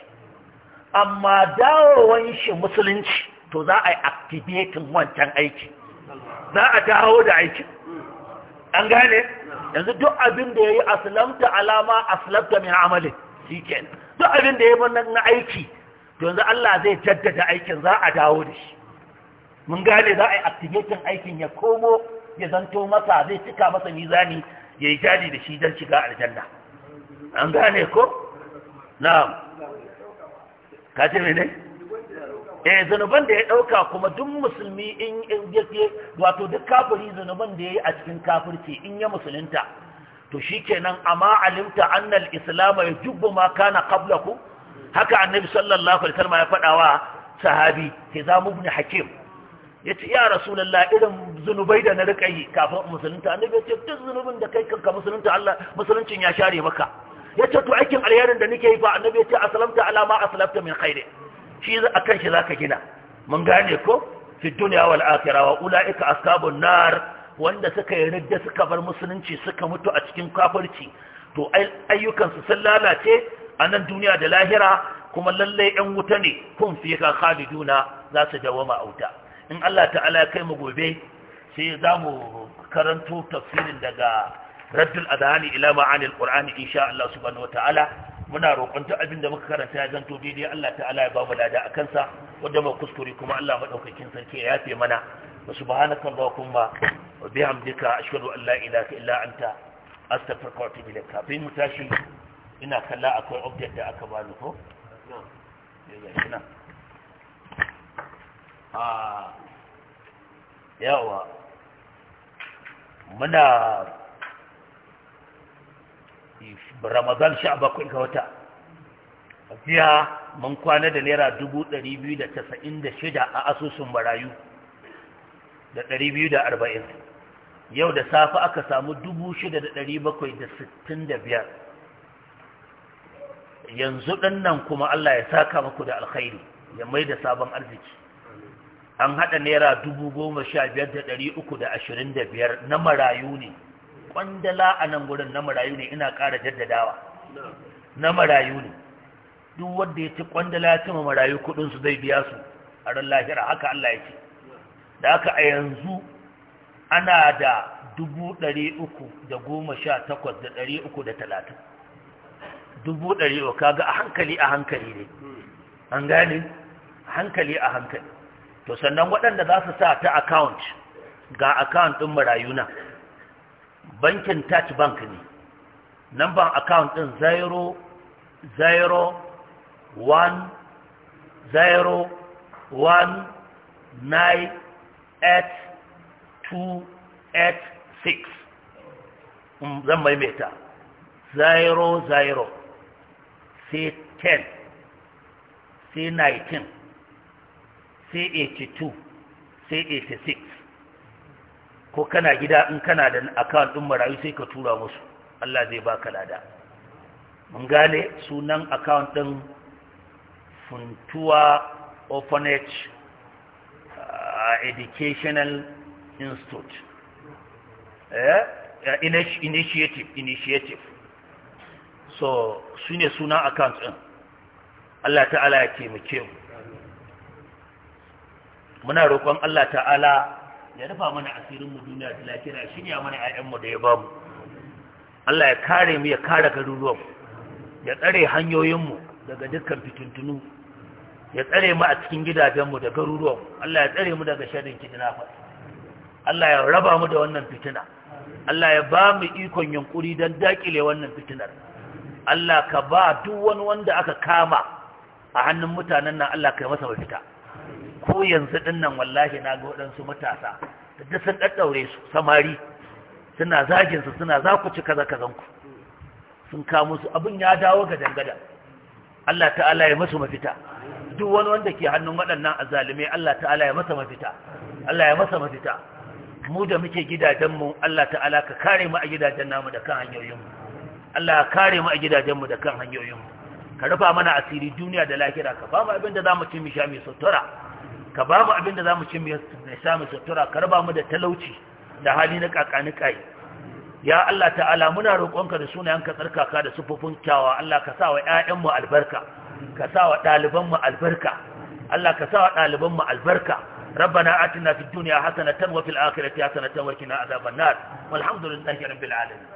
amma dawowan shi musulunci to za a yi activating wancan aiki za a dawo da aikin an gane yanzu duk abin da ya yi aslamta alama aslamta mai amalin shi duk abin da ya yi wannan na aiki to yanzu Allah zai jaddada aikin za a dawo da shi mun gane za a yi activating aikin ya komo ya zanto masa zai cika masa mizani Yayi yi da shi don shiga aljanna an gane ko? na'am ka ce mene? eh zanuban da ya ɗauka kuma duk musulmi in in yake wato duk kafiri zanuban da ya yi a cikin kafirci in ya musulunta to shi kenan amma alimta annal islam ya jubba ma kana qablakum haka annabi sallallahu alaihi wasallam ya faɗa wa sahabi hizam ibn hakim ya ce ya rasulallah irin zunubai da na rika yi kafin musulunta annabi ya ce duk zunubin da kai kanka musulunta Allah musuluncin ya share maka ya ce to aikin alherin da nake yi fa annabi ya ce aslamta ala ma aslamta min khairi shi akan shi zaka gina mun gane ko fi dunya wal akhirah wa ulaika ashabun nar wanda suka yi ridda suka bar musulunci suka mutu a cikin kafirci to ayyukansu sun lalace a nan duniya da lahira kuma lallai 'yan wuta ne kun fiye ka khaliduna za su dawama a wuta in Allah ta'ala kai mu gobe sai za mu karanto tafsirin daga raddul adhani ila ma'anil qur'ani insha Allah subhanahu wataala muna roƙon ta abin da muka karanta ya zanto daidai Allah ta'ala ya ba lada akan sa wanda mu kuskure kuma Allah madaukakin sarki ya yafe mana wa subhanaka allahumma wa bihamdika ashhadu an la ilaha illa anta astaghfiruka wa atubu ilaik kafin mu tashi ina kalla akwai object da aka bani ko na'am yawa muna ramazan sha bakwai ga wata jiya mun kwana da naira dubu ɗari biyu da tasa'in da shida a asusun marayu da ɗari biyu da arba'in yau da safe aka samu dubu shida da ɗari bakwai da sittin da biyar yanzu ɗan nan kuma allah ya saka maku da alkhairi ya mai da sabon arziki an haɗa naira dubu goma sha biyar da ɗari uku da ashirin da biyar na marayu ne ƙwandala a nan gudun na marayu ne ina ƙara jaddadawa na marayu ne duk wanda ya ci ƙwandala ya cima marayu kuɗinsu zai biya su a ran lahira haka Allah ya ce da haka a yanzu ana da dubu ɗari uku da goma sha takwas da ɗari uku da talatin dubu ɗari uku kaga a hankali a hankali ne an gane hankali a hankali to sannan waɗanda za su sa ta account ga account ɗin marayuna bankin touch bank ne namban account ɗin 0 0 1 0 1 9 8 2 8 6 zan maimaita 0 0 sai 10 sai 19 sai 82 sai 86 ko kana gida in kana da account ɗin marayu sai ka tura musu Allah zai baka lada mun gane sunan account ɗin funtuwa orphanage uh, educational institute eh initiative initiative so su sunan account ɗin Allah ta'ala ya ke mu muna roƙon Allah ta'ala ya dafa mana asirin mu duniya da lafiya shirya mana ƴaƴan mu da ya bamu Allah ya kare mu ya kare garuruwan ya tsare hanyoyin daga dukkan fitintunu ya tsare mu a cikin gidajen da garuruwan Allah ya tsare mu daga sharrin fa Allah ya raba mu da wannan fitina Allah ya ba mu ikon yunkuri dan dakile wannan fitinar Allah ka ba duk wani wanda aka kama a hannun mutanen nan Allah ka yi masa mafita ko yanzu dinnan wallahi na ga waɗansu matasa da duk sun ɗaɗɗaure su samari suna zagin su suna za ku ci kaza kazan ku sun kamo su abin ya dawo ga dangada Allah ta'ala ya masu mafita duk wani wanda ke hannun waɗannan azalume Allah ta'ala ya masa mafita Allah ya masa mafita mu da muke gidajenmu Allah ta'ala ka kare mu a gidajen namu da kan hanyoyinmu Allah ya kare mu a gidajenmu da kan hanyoyinmu ka rufa mana asiri duniya da lahira ka ba mu abin da za mu ci mu sha mai sutura ka babu mu abin da za mu ci mai sa mu sutura ka raba mu da talauci da hali na kakani kai ya Allah ta'ala muna roƙonka da sunayenka tsarkaka da sufufin kyawa Allah ka sa wa ƴaƴanmu albarka ka sa wa ɗalibanmu albarka Allah ka sa wa ɗalibanmu albarka ربنا آتنا في الدنيا حسنة وفي الآخرة حسنة وقنا عذاب النار والحمد لله رب العالمين